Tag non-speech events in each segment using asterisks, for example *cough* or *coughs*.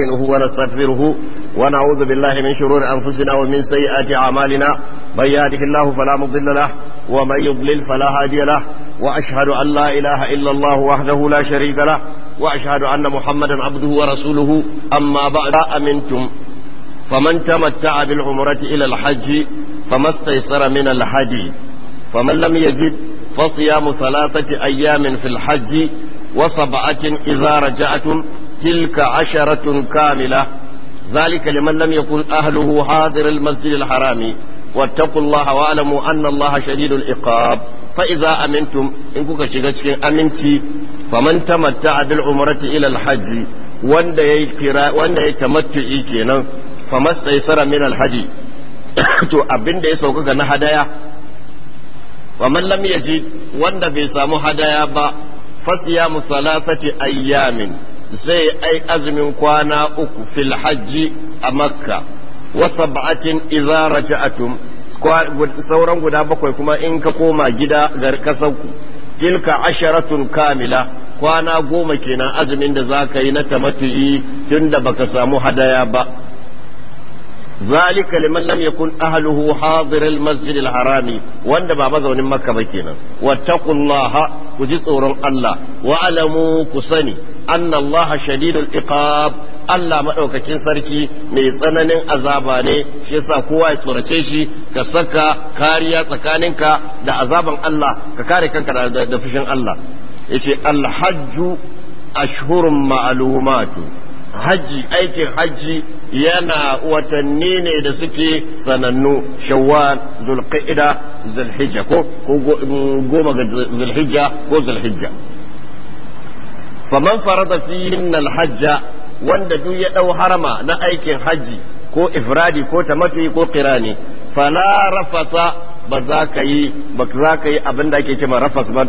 نستعينه ونستغفره ونعوذ بالله من شرور أنفسنا ومن سيئات أعمالنا من يهده الله فلا مضل له ومن يضلل فلا هادي له وأشهد أن لا إله إلا الله وحده لا شريك له وأشهد أن محمدا عبده ورسوله أما بعد أمنتم فمن تمتع بالعمرة إلى الحج فما استيسر من الحج فمن لم يجد فصيام ثلاثة أيام في الحج وسبعة إذا رجعتم تلك عشرة كاملة ذلك لمن لم يكن أهله حاضر المسجد الحرام واتقوا الله واعلموا أن الله شديد العقاب فإذا أمنتم إن كنت شكشك أمنتي فمن تمتع بالعمرة إلى الحج وأن يتمتعي كينا فما استيسر من الحج to abin da ya sauƙaƙa na hadaya wa lam yaji wanda bai samu hadaya ba fasiya musalasati ayyamin zai ai azumin kwana uku fil hajji a makka wa sab'atin idza raja'atum sauran guda bakwai kuma in ka koma gida gar kasanku tilka asharatun kamila kwana goma kenan azumin da za yi na tamatu'i tunda baka samu hadaya ba ذلك لمن لم يكن أهله حاضر المسجد الحرام وند بابا زون مكة بكينا واتقوا الله كجسور الله وعلموا كسني أن الله شديد الإقاب Allah maɗaukakin sarki mai tsananin azaba ne shi yasa kowa ya tsorace shi ka saka kariya tsakaninka da azaban Allah ka kare kanka da fushin Allah yace alhajju ashhurun ma'lumatu haji aikin haji yana watanni ne da suke sanannu shawwal zulqa'ida zulhijja ko mm, goma ga zulhijja ko zulhijja faman farada fihin alhajja wanda duk ya dau harama na aikin haji ko ifradi ko Tamati ko qirani fala rafata ba za ka yi ba za ka yi abin da ake cewa rafas ba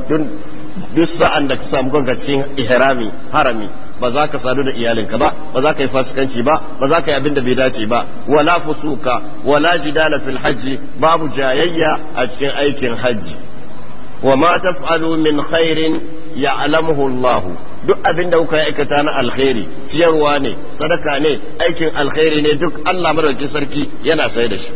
duk sa'an da ka samu cikin ihrami harami ba za ka sadu da iyalinka ba ba za ka yi fasikanci ba ba za ka yi abin da bai dace ba wala fusuka wala jidala fil hajji babu jayayya a cikin aikin hajji wa ma taf'alu min khairin ya'lamuhu Allah duk abin da kuka aikata na alkhairi ciyarwa ne sadaka ne aikin alkhairi ne duk Allah madaukakin sarki yana sai da shi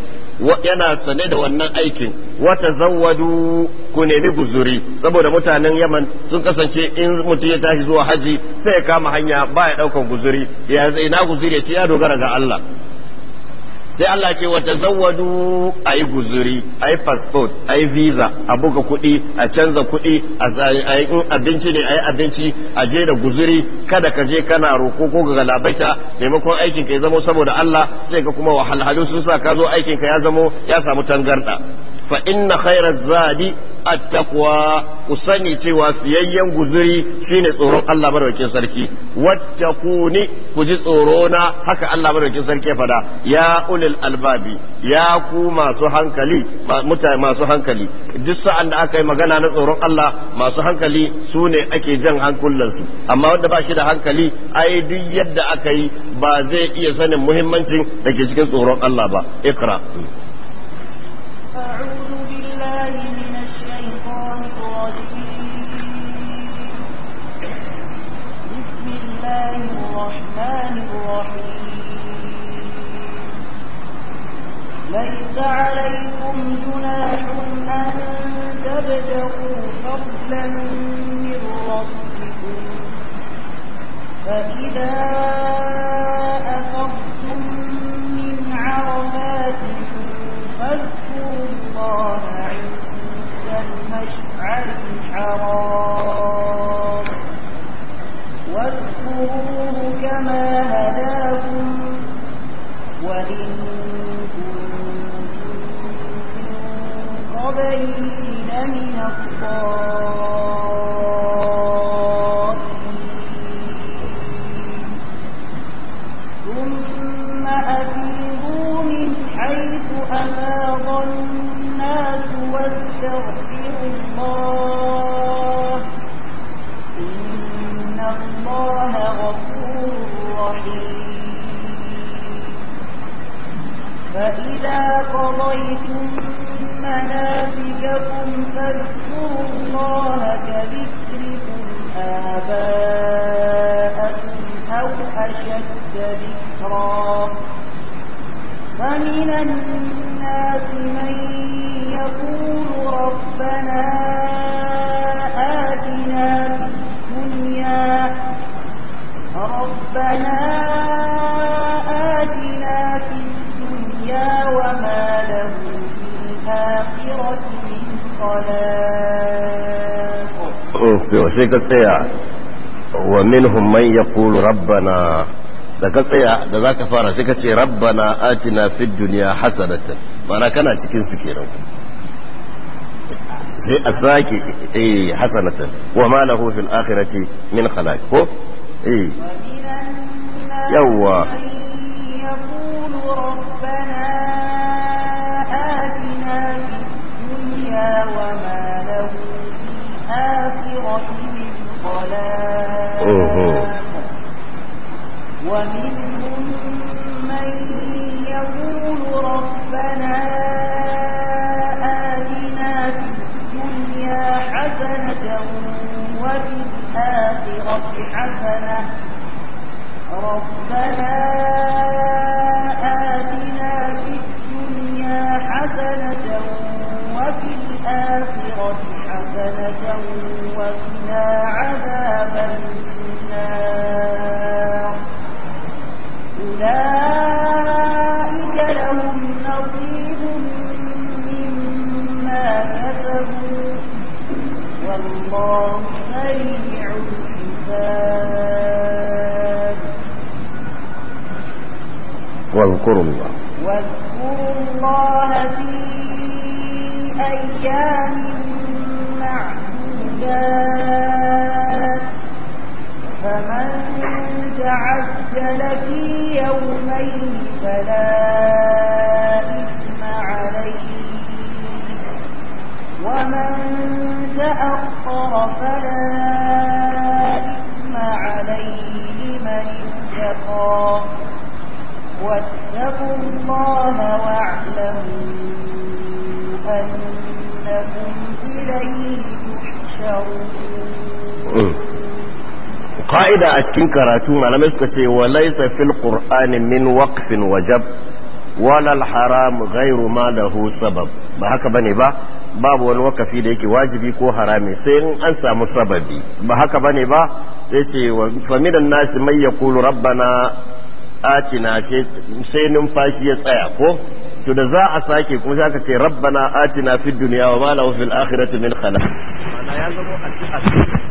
yana sane da wannan aikin wata zawadu ku nemi guzuri saboda mutanen yaman sun kasance in mutum ya tashi zuwa haji sai ya kama hanya ba ya daukan guzuri ya ina guzuri ya ce ya dogara ga Allah sai Allah ce wata zawadu a yi guzuri a yi passport a yi visa a buga kuɗi a canza kuɗi a yi abinci ne a yi abinci a je da guzuri kada ka je kana roko ko ga labaita maimakon aikin ka ya zamo saboda Allah sai ka kuma wahalhalu sun sa ka zo aikin ka ya zamo ya samu tangarda fa inna khairaz zadi attaqwa ku sani cewa fiyayyen guzuri shine tsoron Allah madaukakin sarki wattaquni ku ji tsoro na haka Allah madaukakin sarki fada ya ulil albabi ya ku masu hankali mutane masu hankali duk sa'an da aka yi magana na tsoron Allah masu hankali sune ake jan hankulansu amma wanda ba shi da hankali ai duk yadda aka yi ba zai iya sanin muhimmancin dake cikin tsoron Allah ba iqra أعوذ بالله من الشيطان الرجيم بسم الله الرحمن الرحيم ليس عليكم جناح أن تبتغوا فضلا من ربكم فإذا أخذتم من عرفات فاذكروا الله عند المشعر الحرام واذكروه كما هداكم وإن كنتم من قبله لمن الضالين ثم أفيضوا من حيث أفاض واستغفروا الله إن الله غفور رحيم فإذا قضيتم مناسككم فاذكروا الله كذكركم آباءكم أو أشد ذكرا فمن الناس الناس من يقول ربنا آتنا في الدنيا ربنا آتنا في الدنيا وما له في الآخرة من خلاق. to sai ka ومنهم من يقول ربنا da ka tsaya da za ka fara sai ka ce rabbana atina fid duniya hasanatan mana kana cikin su kenan sai a sake eh hasanatan wa ma lahu fil akhirati min khalaq ko eh yawa وما له ومنهم من يقول ربنا آتنا في الدنيا حسنة وفي الآخرة حسنة ربنا آتنا في الدنيا حسنة وفي الآخرة حسنة وقنا عذاب النار أولئك لهم نصيب مما كسبوا والله سريع الحساب واذكروا الله واذكروا الله في أيام معدودات فمن تعذب تعجل في يومين فلا إثم عليه ومن تأخر فلا إثم عليه لمن اتقى واتقوا الله واعلموا أنكم إليه تحشرون ƙa'ida a cikin karatu malamai suka ce wa laisa fil qur'ani min waqfin wajab walal haram ghairu ma lahu sabab ba haka bane ba babu wani wakafi da yake wajibi ko harami sai in an samu sababi ba haka bane ba sai ce fa minan nasi mai yaqulu rabbana atina sai numfashi ya tsaya ko to da za a sake kuma za ka ce rabbana atina fid dunya wa ma lahu fil akhirati min khalaq ya zama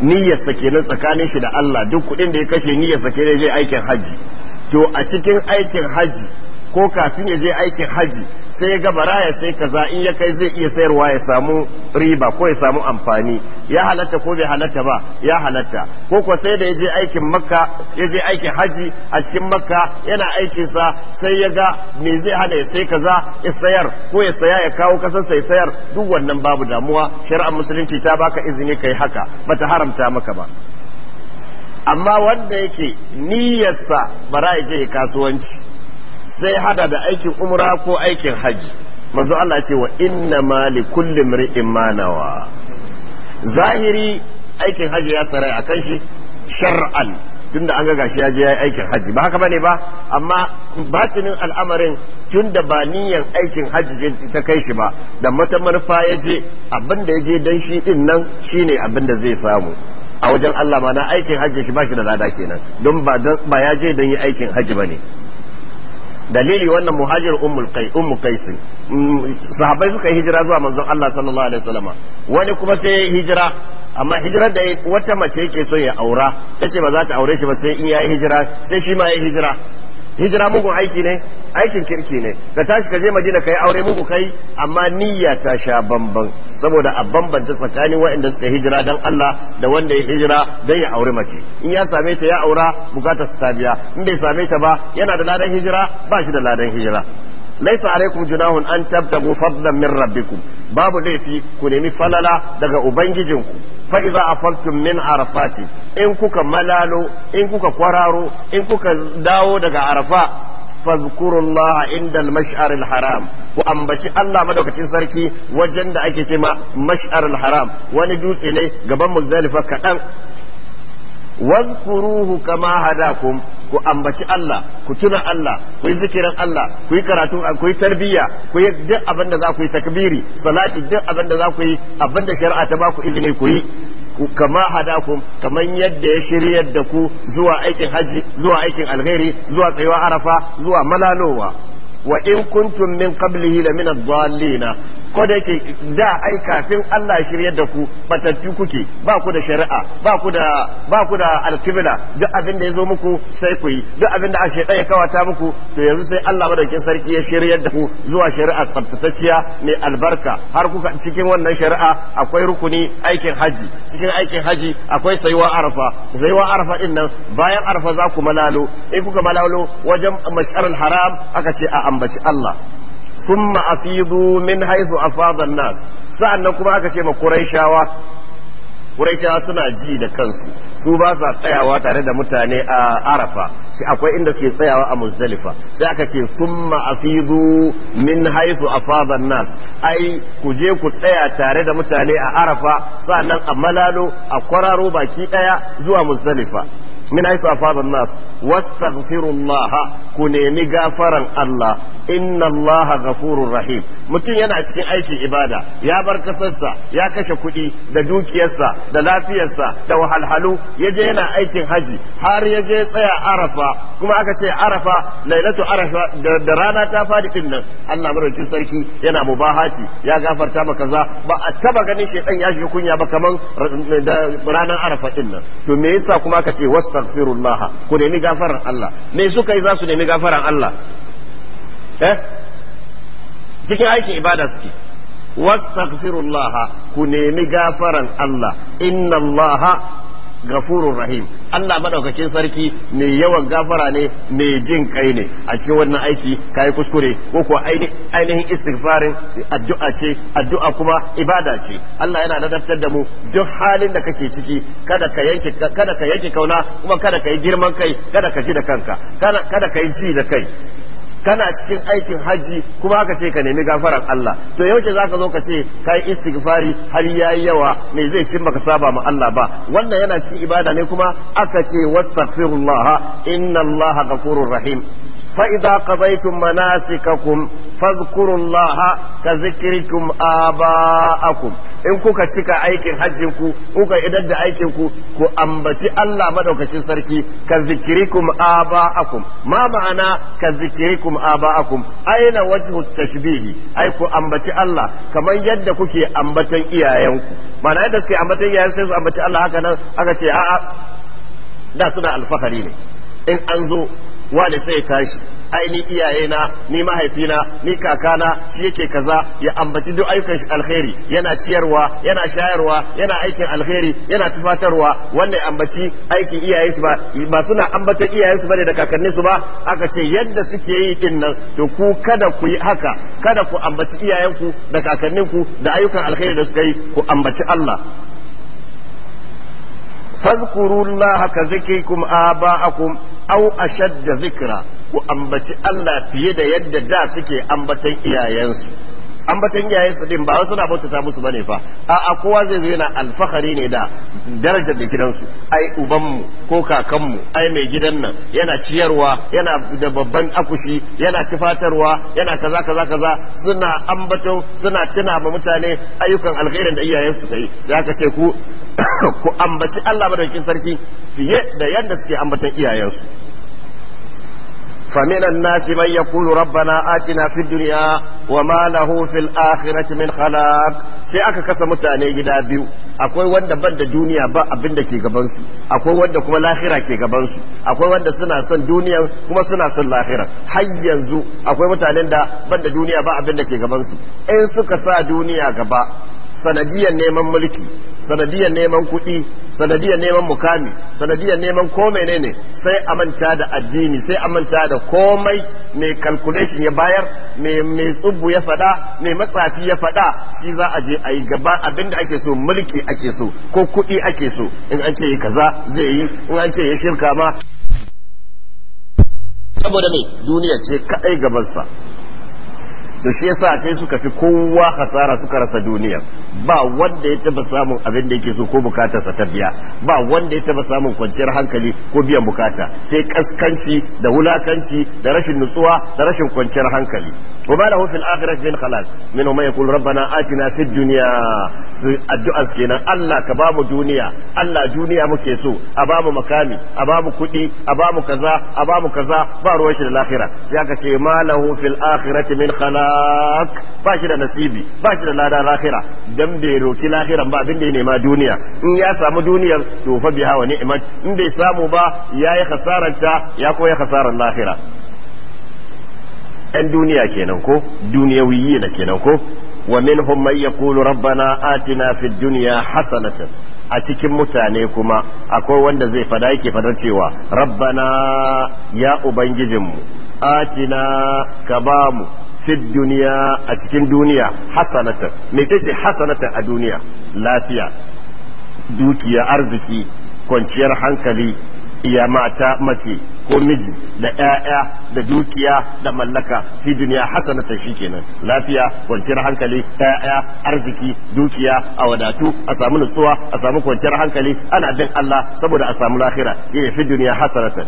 niyyarsa kenan tsakanin shi da Allah duk kuɗin da ya kashe niyyarsa kenan zai aikin hajji to a cikin aikin hajji ko kafin ya je aikin haji sai ya gabara ya sai kaza in ya kai zai iya sayarwa ya samu riba ko ya samu amfani ya halatta ko bai halatta ba ya halatta ko ko sai da ya je aikin makka ya je aikin haji a cikin makka yana aikin sa sai ya ga me zai hana ya sai kaza ya sayar ko ya saya ya kawo kasar sai sayar duk wannan babu damuwa shari'ar musulunci ta baka izini kai haka bata haramta maka ba amma wanda yake niyyarsa bara ya je kasuwanci sai hada da aikin umra ko aikin haji manzo Allah ce wa inna ma li kulli mri'in ma nawa zahiri aikin haji ya sarai akan shi shar'an tunda an ga gashi ya je yayi aikin haji ba haka bane ba amma batinin al'amarin tunda ba niyan aikin haji ta kai shi ba da mata manufa ya je abin da ya je dan shi din nan shine abin da zai samu a wajen Allah ma na aikin haji shi ba shi da lada kenan don ba ya je dan yi aikin haji bane dalili wannan muhajir ummul kai ummu kais mm, sahabbai suka hijira zuwa manzon Allah sallallahu alaihi wasallam wani kuma sai ya hijira amma hijirar da wata mace yake so ya aura ce ba za ta aure shi ba sai in ya hijira sai shi ma ya yi hijira hijira mugun aiki ne aikin kirki ne ka tashi ka je madina kai aure mugu kai amma niyya ta sha bamban saboda a bambanta tsakanin waɗanda suka hijira dan Allah da wanda ya hijira dan ya aure mace in ya same ta ya aura bukata su ta biya in bai same ta ba yana da ladan hijira ba shi da ladan hijira laisa alaikum junahun an tabtagu fadlan min rabbikum babu laifi ku nemi falala daga ubangijinku fa iza afaltum min arafati in kuka malalo in kuka kwararo in kuka dawo daga arafa fazkurullaha inda al-mash'ar al-haram ku ambaci Allah madaukakin sarki wajen da ake cema mash'ar al-haram wani dutse ne gaban muzdalifa kadan wazkuruhu kama hadakum ku ambaci Allah ku tuna Allah ku yi zikirin Allah ku yi karatu ku yi tarbiyya ku yi duk abin da za ku yi takbiri salati duk abin da za ku yi abin da shari'a ta ba ku izini ku yi kama hadakum kaman yadda ya shirya da ku zuwa aikin haji zuwa aikin alheri zuwa tsayuwa arafa zuwa malalowa wa in kuntum min qablihi la min ko da yake da ai kafin Allah ya shiryar da ku batattu kuke ba ku da shari'a ba ku da ba ku da alqibla duk abin da ya zo muku sai ku yi duk abin da shaytan ya kawata muku to yanzu sai Allah madaukin sarki ya shirya da ku zuwa shari'a tsaftatacciya mai albarka har kuka cikin wannan shari'a akwai rukuni aikin haji cikin aikin haji akwai saiwa arafa saiwa arafa din nan bayan arafa za ku malalo in kuka malalo wajen mash'arul haram aka ce a ambaci Allah ثم افيضوا من حيث افاض الناس sa'annan kuma aka ce ma quraishawa quraishawa suna ji da kansu su ba sa tsayawa tare da mutane a arafa shi akwai inda suke tsayawa a muzdalifa sai aka ce thumma afidu min haythu afada an-nas ai ku je ku tsaya tare da mutane a arafa sa'annan a malalo a kwararo baki daya zuwa muzdalifa min haythu afada an-nas wastaghfirullah ku nemi gafaran Allah inna allaha ghafurur rahim mutum yana cikin aikin ibada ya bar kasarsa ya kashe kuɗi da dukiyarsa da lafiyarsa da wahalhalu ya je yana aikin haji har ya je tsaya arafa kuma aka ce arafa lailatu arafa da rana ta fadi din nan Allah madaukakin sarki yana mubahati ya gafarta maka kaza ba a taba ganin shedan ya shiga kunya ba kaman ranar arafa din nan to me yasa kuma aka ce wastaghfirullah ku nemi gafaran Allah me suka yi za su nemi gafaran Allah eh cikin aikin ibada suke wastaghfirullah ku nemi gafaran Allah inna Allah gafurur rahim Allah madaukakin sarki mai yawan gafara ne mai jin kai ne a cikin wannan aiki kai kuskure ko ko ainihin istighfarin addu'a ce addu'a kuma ibada ce Allah yana ladabtar da mu duk halin da kake ciki kada ka yanke kada ka yanke kauna kuma kada ka yi girman kai kada ka ji da kanka kada kada ka yi ji da kai kana cikin aikin hajji kuma aka ce ka nemi gafaran Allah to yaushe za ka zo ka ce yi istighfari har yayi yawa me zai cin baka saba ma Allah ba wannan yana cikin ibada ne kuma aka ce wastaghfirullah inna Allah ghafurur rahim فإذا قضيتم مناسككم فاذكروا الله كذكركم آباءكم in kuka cika aikin hajjin ku kuka idan da aikin ku ku ambaci Allah maɗaukacin sarki ka zikirikum aba'akum ma ma'ana ka zikirikum aba'akum aina wajhu tashbihi ai ambaci Allah kamar yadda kuke ambatan iyayenku ma'ana yadda suke ambatan iyayen sai su ambaci Allah haka nan aka ce a'a da suna alfahari ne in an zo wanda sai ya tashi aini iyayena ni mahaifina ni kakana shi yake kaza ya ambaci duk ayyukan shi alkhairi yana ciyarwa yana shayarwa yana aikin alkhairi yana tufatarwa wannan ambaci aikin iyaye su ba ba suna ambaton iyayensu su bane da kakanni su ba aka ce yadda suke yi din nan to ku kada ku yi haka kada ku ambaci iyayenku da kakanninku da ayyukan alkhairi da suka yi ku ambaci Allah fazkurullaha kazikikum aba'akum au ashadda zikira ku ambaci Allah fiye da yadda da suke ambatan iyayensu ambaton yayin su din ba wasu na bautata musu bane fa a'a kowa zai zo yana alfahari ne da darajar da gidansu ai ubanmu ko kakanmu ai mai gidan nan yana ciyarwa yana da babban akushi yana tufatarwa yana kaza kaza kaza suna ambato suna tuna ma mutane ayyukan alkhairin da iyayen su yi sai aka ce ku *coughs* ku ambaci Allah madaukakin sarki fiye da yadda suke ambaton iyayensu فمن الناس من يقول ربنا آتنا في الدنيا وما له في الآخرة من خلاق sai aka kasa mutane gida biyu akwai wanda ban da duniya ba abin da ke gabansu akwai wanda kuma lahira ke gabansu akwai wanda suna son duniya kuma suna son lahira har yanzu akwai mutanen da ban da duniya ba abin da ke gabansu in suka sa duniya gaba sanadiyar neman mulki sanadiyar neman kuɗi sanadiyar neman mukami sanadiyar neman ko ne sai a manta da addini sai a manta da komai mai calculation ya bayar mai tsubu ya faɗa mai matsafi ya faɗa shi za a je a yi gaba abinda ake so mulki ake so ko kuɗi ake so in an ce yi kaza zai yi in an ce ya shirka ma saboda ne duniya ce kaɗai gabansa to shi yasa sai suka fi kowa hasara suka rasa duniyar ba wanda ya taba samun abin da yake so ko sa ta biya ba wanda ya taba samun kwanciyar hankali ko biyan bukata sai kaskanci da wulakanci da rashin nutsuwa da rashin kwanciyar hankali وما له في الآخرة من خلاص منهم من يقول ربنا آتنا في الدنيا الدعاء سكينا الله كبام دنيا الله دنيا مكيسو أبام مكاني أبام كدي أبام كذا أبام كذا باروش للآخرة سيكا ما له في الآخرة من خلاق باشر نسيبي باشر لا الآخرة دم بيرو كي الآخرة ما بندي ما دنيا إن يا سامو دنيا توفى بها ونعمت إن بيسامو با يا خسارة يا كوي خسارة الآخرة 'yan duniya kenan ko duniyawiyi na kenan ko wa minhum man yaqulu rabbana atina fid dunya hasanatan a cikin mutane kuma akwai wanda zai fada yake fadar cewa rabbana ya ubangijinmu atina ka bamu fid duniya a cikin duniya hasanatan mecece hasanatan a duniya lafiya dukiya arziki kwanciyar hankali iya mata mace ko miji da ƴaƴa da dukiya da mallaka fi duniya shi kenan lafiya kwanciyar hankali ƴaƴa arziki dukiya a wadatu a samu nutsuwa a samu kwanciyar hankali ana bin Allah saboda a samu lahira fi duniya hasanatan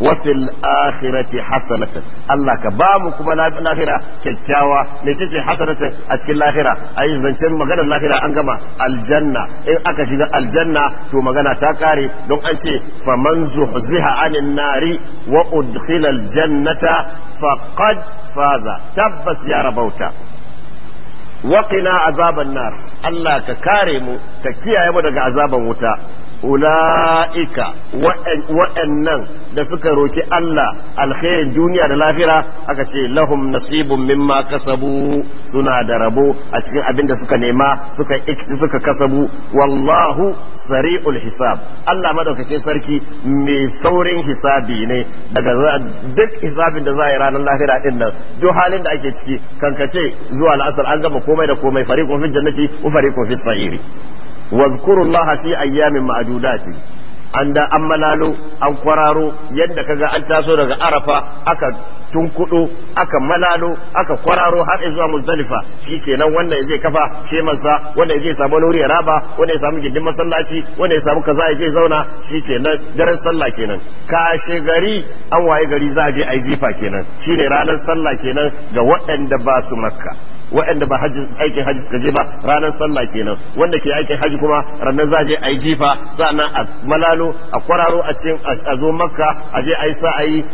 وفي الآخرة حسنة الله كبام كما الآخرة كالكاوة ميتيتي حسنة أتكي الآخرة أي زنشن مغانا الآخرة أنقما الجنة إن أكشي الجنة تو مغانا تاكاري دون أنتي فمن زحزها عن النار وأدخل الجنة فقد فاز تبس يا ربوتا وقنا عذاب النار الله ككارم ككيا يبدو عذاب وتا ula'ika waɗannan da suka roki Allah alkhairin duniya da lafira aka ce lahum nasibun mimma kasabu suna da rabo a cikin abin da suka nema suka ikti suka kasabu wallahu sari'ul hisab Allah madaukakin sarki mai saurin hisabi ne daga duk hisabin da za a yi ranar lafira din nan duk halin da ake ciki kankace zuwa la'asar an gama komai da komai fariqun fil jannati wa fariqun fis sa'iri wazkurullaha fi ayyamin ma'dudati an da an malalo an kwararo yadda kaga an taso daga arafa aka tunkudo aka malalo aka kwararo har zuwa muzdalifa kenan wanda zai kafa shemansa wanda zai samu wuri ya raba wanda ya samu gindin masallaci wanda ya samu kaza ya zai zauna shikenan daren sallah kenan kashe gari an waye gari za a je ai jifa kenan shine ranar sallah kenan ga waɗanda ba su makka waɗanda ba Hajji aikin Hajji suka je ba ranar sallah kenan wanda ke aikin Hajji kuma ranar zaje a yi jifa sa'annan a malalo a kwararo a cikin a zo makka a je a yi sa'ayi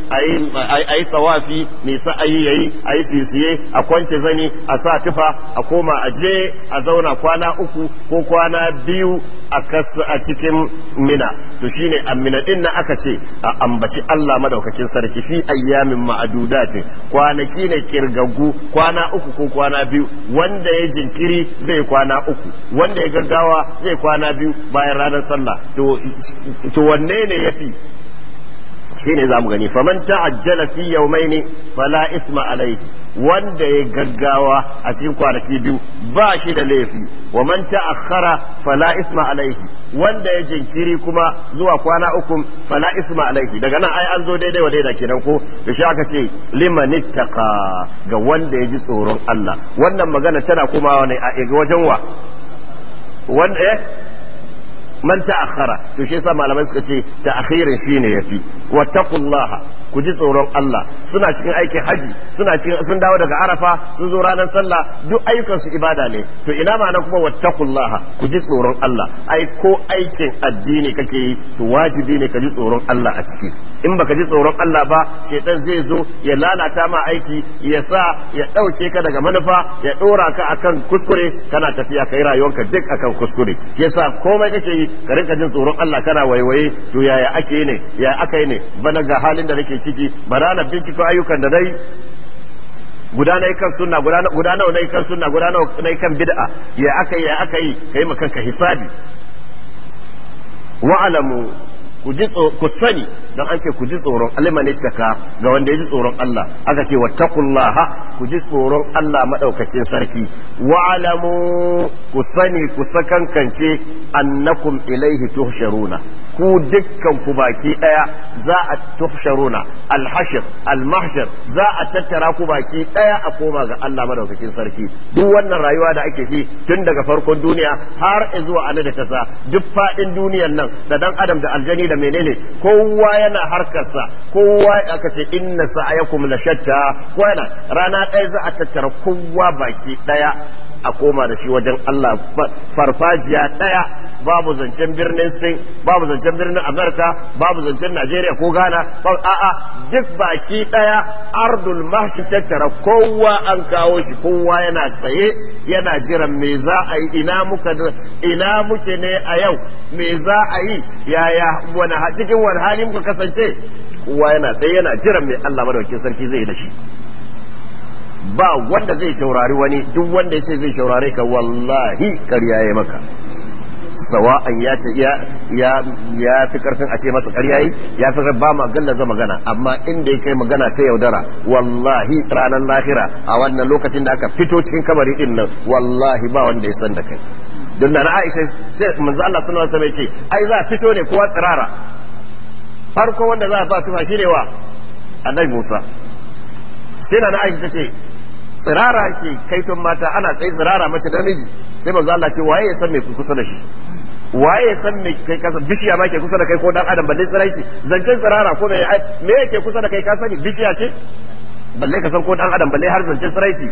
a yi tawafi mai sa'ayi yayi yi a yi sisiye a kwance zani a sa tufa a koma a je a zauna kwana uku ko kwana biyu a kasu a cikin mina to shine amina din na aka ce a ambaci Allah madaukakin sarki fi ayyamin ma'adudatin kwanaki ne kirgaggu kwana uku ko kwana biyu wanda ya jinkiri zai kwana uku wanda ya gaggawa zai kwana biyu bayan ranar sallah to wanne ne ya yafi shine mu gani faman ajjala fi yawmaini fala isma alaihi wanda ya gaggawa a cikin kwanaki biyu ba shi da laifi wa man ta'akhkhara fala isma alaihi wanda ya jinkiri kuma zuwa kwana uku fala isma alaihi daga nan ai an zo daidai wa daida kenan ko da shi aka ce liman ittaqa ga wanda ya ji tsoron Allah wannan magana tana kuma ne a eh, wajen wa wanda eh man ta'akhkhara to shi yasa malamai suka ce ta'akhirin shine yafi wattaqullaha ku ji tsoron Allah suna cikin aikin haji suna cikin sun dawo daga arafa sun zo ranar sallah duk ayyukan su ibada ne to ina ma kuma wattaqullaha ku ji tsoron Allah ai ko aikin addini kake yi to wajibi ne ka ji tsoron Allah a ciki in baka ji tsoron Allah ba shaitan zai zo ya lalata ma aiki ya sa ya ɗauke ka daga manufa ya ɗora ka akan kuskure kana tafiya kai rayuwarka duk akan kuskure shi yasa komai kake yi ka rinka jin tsoron Allah kana waiwaye to yaya ake ne ya aka yi ne bana ga halin da nake ciki bana na binciko ayyukan da dai guda na kan sunna guda gudana kan sunna gudana na kan bid'a ya aka yi ya aka yi kai makanka hisabi wa'alamu ku sani don an ce ku ji tsoron alimanitaka ga wanda ya ji tsoron Allah aka ce wattaqullaha ku ji tsoron Allah madaukakin sarki wa alamu ku sani ku sakankance annakum ilaihi tuhsharuna ku dukkan ku baki daya za a tuhsharuna alhashir almahshar za a tattara ku baki daya a koma ga Allah madaukakin sarki duk wannan rayuwa da ake fi tun daga farkon duniya har zuwa anan da kasa duk fadin duniyar nan da dan adam da aljani da menene kowa yana harkarsa kowa aka ce inna sa'ayakum la shatta rana ɗaya za a tattara kowa baki daya a koma da shi wajen Allah farfajiya daya babu zancen birnin Sin babu zancen birnin Amurka babu zancen Najeriya ko Ghana a'a duk baki daya ardul mahshi tattara kowa an kawo shi kowa yana tsaye yana jiran me za a yi ina muka ina muke ne a yau me za a yi yaya wani cikin wani hali muka kasance kowa yana tsaye yana jiran me Allah madaukakin sarki zai da shi ba wanda zai shaurari wani duk wanda ya ce zai saurari ka wallahi karya ya maka sawa'an ya ya ya fi karfin a ce masa ƙarya yi ya fi ba galla gallaza magana amma inda ya kai magana ta yaudara wallahi ranar lahira a wannan lokacin da aka fito cikin kabari din nan wallahi ba wanda ya san da kai don na Aisha sai manzo Allah sallallahu alaihi wasallam ce ai za fito ne kowa tsirara farko wanda za a ba tufa shine wa annabi Musa sai na Aisha ta ce tsirara ce kaiton mata ana tsaye tsirara mace da namiji sai manzo Allah ce waye ya san me kusa da shi waye ya san me kai kasa bishiya ba ke kusa da kai ko dan adam balle tsirai ce zancen tsirara ko me me yake kusa da kai ka sani bishiya ce balle ka san ko dan adam balle har zancen tsirai ce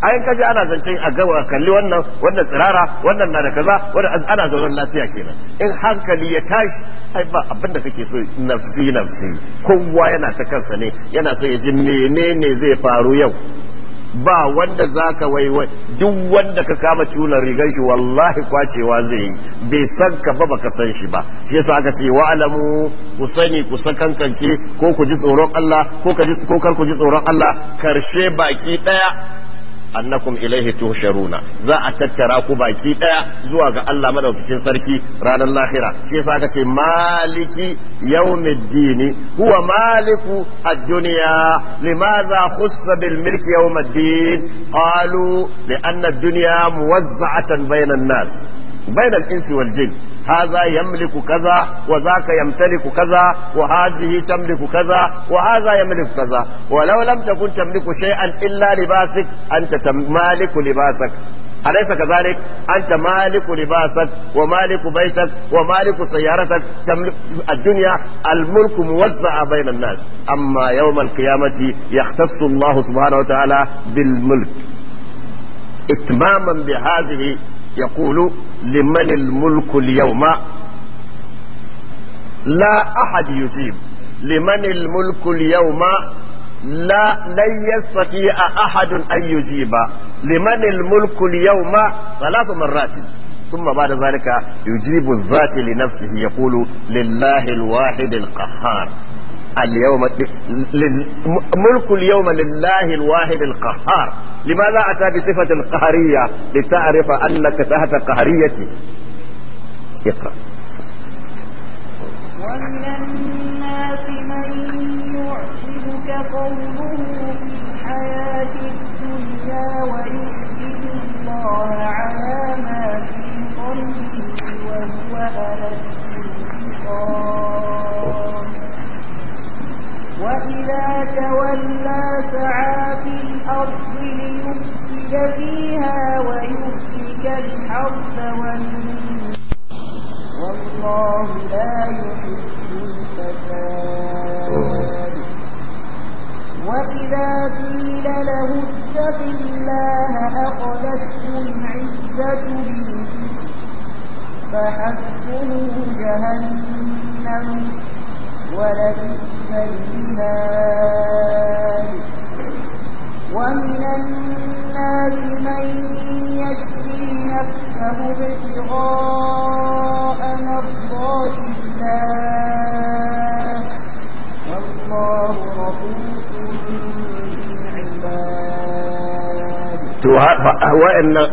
in kaje ana zancen a ga kalli wannan wannan tsirara wannan na da kaza wannan ana zaune lafiya kenan in hankali ya tashi ai ba abin da kake so nafsi nafsi kowa yana ta kansa ne yana so ya ji menene zai faru yau ba wanda za zaka wai duk wanda ka kama cula rigar shi wallahi kwacewa zai yi bai san ka ba baka san shi ba shi yasa aka ce wa alamu ku sani ku kankance ko ku ji tsoron Allah ko kar ku ji tsoron Allah karshe baki daya annakum ilaihi tuhsharuna za a tattara ku baki daya zuwa ga Allah madaukakin sarki ranar lahira shi yasa aka ce maliki yawmiddini huwa maliku ad-dunya limadha khussa bil milki yawmiddin qalu li anna ad-dunya muwazza'atan bayna an-nas bayna al-insi wal jinn haza yamliku kaza wa zaka yamtaliku kaza wa hazihi tamliku kaza wa haza yamliku kaza wa law lam takun tamliku shay'an illa libasik anta maliku libasak أليس كذلك؟ أنت مالك لباسك ومالك بيتك ومالك سيارتك تملك الدنيا الملك موزع بين الناس أما يوم القيامة يختص الله سبحانه وتعالى بالملك إتماما بهذه يقول لمن الملك اليوم لا أحد يجيب لمن الملك اليوم لا لن يستطيع أحد أن يجيب لمن الملك اليوم ثلاث مرات ثم بعد ذلك يجيب الذات لنفسه يقول لله الواحد القهار اليوم ملك اليوم لله الواحد القهار لماذا أتى بصفة القهرية لتعرف أنك تحت قهريتي اقرأ ومن الناس من يعجبك قوله في الحياة الدنيا ويشهد الله على وإذا تولى سعى في الأرض ليفسد فيها ويهلك الحرث والله لا يحب الفساد وإذا قيل له اتق الله أخذته العزة بالإثم فحسبه جهنم ولبئس الماء ومن الناس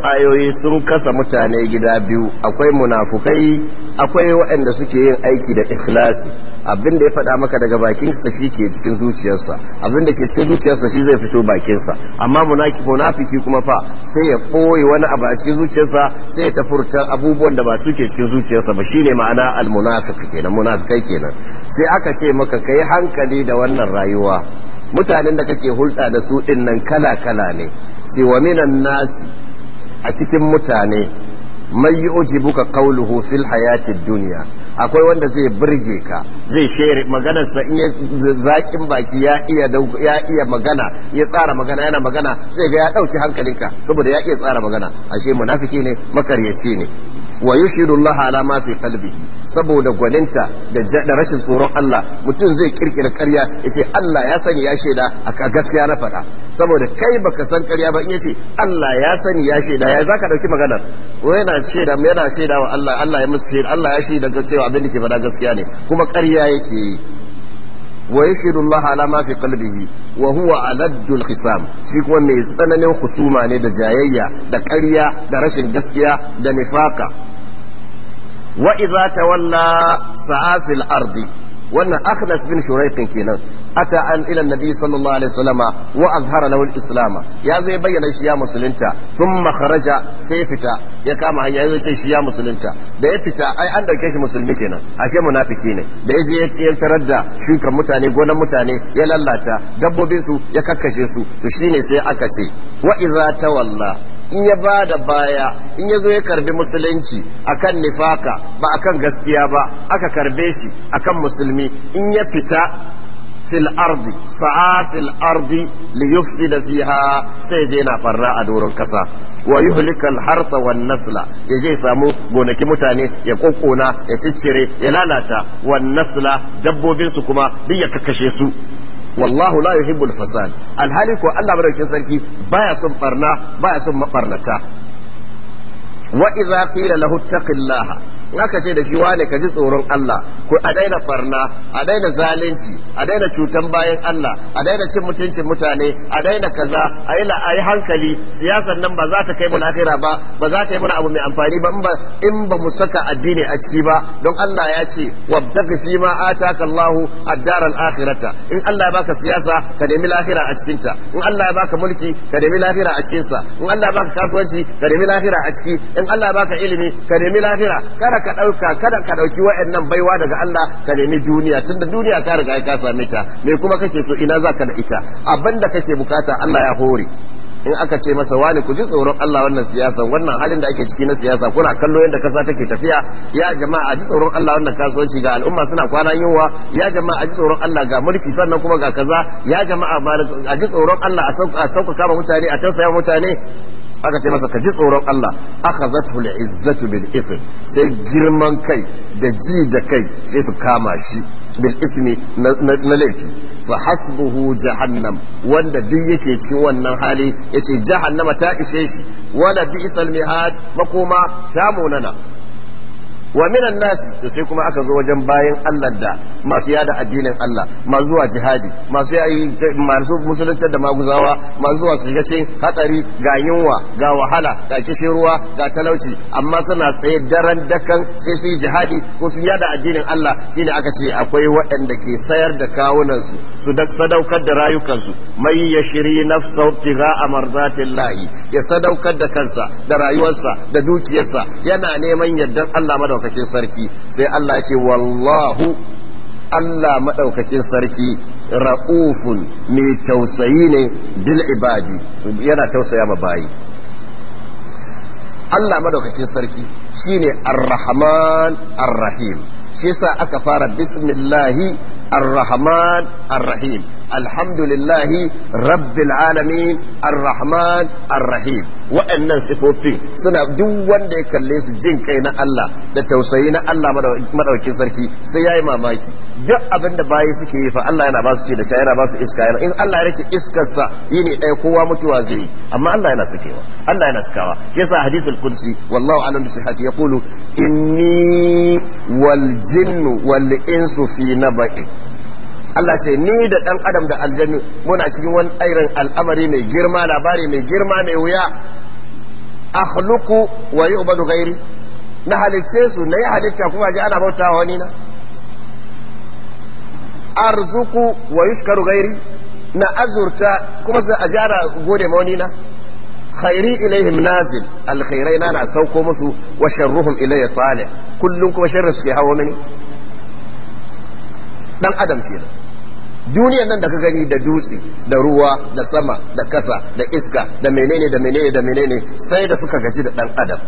ayoyi sun kasa mutane gida biyu akwai munafukai akwai waɗanda suke yin aiki da ikhlasi abin da ya faɗa maka daga bakinsa shi ke cikin zuciyarsa abin da ke cikin zuciyarsa shi zai fito bakinsa amma munafiki kuma fa sai ya ɓoye wani abu a cikin zuciyarsa sai ya tafurta abubuwan da ba su ke cikin zuciyarsa ba shine ma'ana al-munafiki kenan munafikai kenan sai aka ce maka kai hankali da wannan rayuwa mutanen da kake hulɗa da su ɗin nan kala kala ne ce wa minan nasi a cikin mutane mai yi ujibuka qawluhu fil hayatid duniya akwai wanda zai birge ka zai magana maganarsa in ya zakin baki ya iya ya magana ya tsara magana yana magana sai ga ya ɗauki hankalinka saboda ya iya tsara magana ashe munafiki ne makaryaci ne wa yushiru Allah ala ma fi qalbihi saboda gwaninta da rashin tsoron Allah mutum zai kirkira karya ya ce Allah ya sani ya shaida a gaskiya na faɗa saboda kai baka san karya ba in ya ce Allah ya sani ya shaida ya zaka ɗauki maganar ko yana shaida yana shaida wa Allah Allah ya musu shaida Allah ya shaida ga cewa abin da ke faɗa gaskiya ne kuma ƙarya yake yi wa yashhadu Allah ala ma fi qalbihi wa huwa aladdu khisam shi kuma mai tsananin husuma ne da jayayya da ƙarya da rashin gaskiya da nifaka wa idza tawalla sa'a fil ardi wannan akhnas bin shuraiq kenan ata an ila nabi sallallahu alaihi wasallama wa azhara lahu al ya zo ya bayyana shi ya musulunta thumma kharaja sai fita ya kama hanya ya ce shi ya musulunta da ya fita ai an ɗauke shi musulmi kenan ashe munafiki ne da ya je ya tarar da shukan mutane gonan mutane ya lalata dabbobin su ya kakkashe su to shine sai aka ce wa'iza ta walla in ya ba da baya in ya zo ya karbi musulunci akan nifaka ba akan gaskiya ba aka karbe shi akan musulmi in ya fita في الأرض سعى في الأرض ليفسد فيها سيجينا فرا أدور الكسا ويهلك الحرث والنسل يجي سامو غونكي متاني يقوقونا يتشري يلالاتا والنسل دبو بنسكما دي يككشيسو والله لا يحب الفساد الهالك الله بركي سركي بايا سن برنا بايا سن مقرنتا وإذا قيل له اتق الله In aka ce da shi wane ka ji tsoron Allah ku a daina farna a daina zalunci a daina cutan bayan Allah a daina cin mutuncin mutane a daina kaza a yi la'ayi hankali siyasar nan ba za ta kai mu lahira ba ba za ta yi mana abu mai amfani ba in ba mu saka addini a ciki ba don Allah ya ce wabtaka fi ma ataka Allahu ad-daral akhirata in Allah ya baka siyasa ka nemi lahira a cikinta ta in Allah ya baka mulki ka nemi lahira a cikinsa sa in Allah ya baka kasuwanci ka nemi lahira a ciki in Allah ya baka ilimi ka nemi lahira kada ka ɗauka kada ka dauki wa'annan baiwa daga Allah ka nemi duniya tunda duniya ka riga ka same ta me kuma kake so ina zaka da ita abinda kake bukata Allah ya hore in aka ce masa wani ku ji tsoron Allah wannan siyasa wannan halin da ake ciki na siyasa kuna kallo yadda kasa take tafiya ya jama'a a ji tsoron Allah wannan kasuwanci ga al'umma suna kwana yunwa ya jama'a a ji tsoron Allah ga mulki sannan kuma ga kaza ya jama'a a ji tsoron Allah a sauƙaƙa ma mutane a tausaya mutane aka ce masa ka ji tsoron Allah aka zatu izzatu bil ithm sai girman kai da ji da kai sai su kama shi bil ismi na laifi fa hasbuhu jahannam wanda duk yake cikin wannan hali yace jahannama ta ishe shi wala bi'sal mihad makoma ta munana wa minan nasi to sai kuma aka zo wajen bayan Allah da masu yada addinin Allah masu zuwa jihadi masu yayi masu musulunta da maguzawa masu zuwa su shiga cikin hatsari ga yunwa ga wahala ga kishin ruwa ga talauci amma suna tsaye daren dakan sai su jihadi ko su yada addinin Allah shine aka ce akwai waɗanda ke sayar da kawunan su su sadaukar da rayukansu mai yashiri nafsahu tiga layi ya sadaukar da kansa da rayuwarsa da dukiyarsa yana neman yardan Allah madawwamin madaukakin sarki sai Allah ya ce wallahu Allah maɗaukakin sarki ra'ufun mai tausayi ne bil ibadi yana tausaya ma bayi Allah maɗaukakin sarki shine ar-rahman ar-rahim shi aka fara bismillahi ar-rahman ar-rahim alhamdulillahi rabbil alamin arrahman arrahim wa'annan sifofin suna duk wanda ya kalle su jin kai na Allah da tausayi na Allah madaukin sarki sai yayi mamaki duk abin da bayi suke yi fa Allah yana ba su ce da sha yana ba su iska yana in Allah ya rike iskar sa yini ɗaya kowa mutuwa zai yi amma Allah yana sakewa Allah yana sakawa yasa hadisul kursi wallahu alam bi sihhati yaqulu inni wal jinnu wal insu fi nabai Allah ce ni da ɗan adam da aljannu muna cikin wani irin al'amari mai girma labari mai girma mai wuya akhluqu wa yu'badu gairi na halicce su na yi halitta kuma ji ana bauta wani na arzuku wa yushkaru gairi na azurta kuma su ajara gode mauni na khairi ilaihim nazil alkhairai na na sauko musu wa sharruhum ilayya tali kullum kuma sharri suke hawo mini dan adam kenan duniyan nan da ka gani da dutse da ruwa da sama da kasa da iska da menene da menene da menene sai da suka gaji da dan adam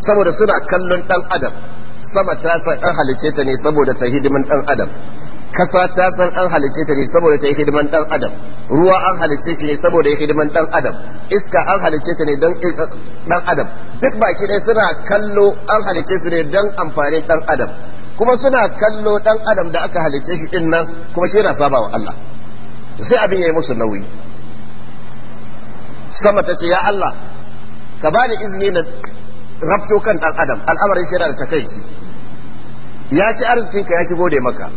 saboda suna kallon dan adam sama ta san an halice ta ne saboda ta hidiman dan adam kasa ta san an halice ta ne saboda ta yi hidiman dan adam ruwa an halice shi ne saboda ya hidiman dan adam iska an halice ta ne don dan eh, adam duk baki ɗaya suna kallo an halice su ne don amfanin dan adam kuma suna kallo dan adam da aka halicce shi din nan kuma shi yana saba wa Allah sai abin yayi musu nauyi sama ta ce ya Allah ka bani izini na rabto kan dan adam al'amarin shi yana da takaici ya ci arzikinka ya ki gode maka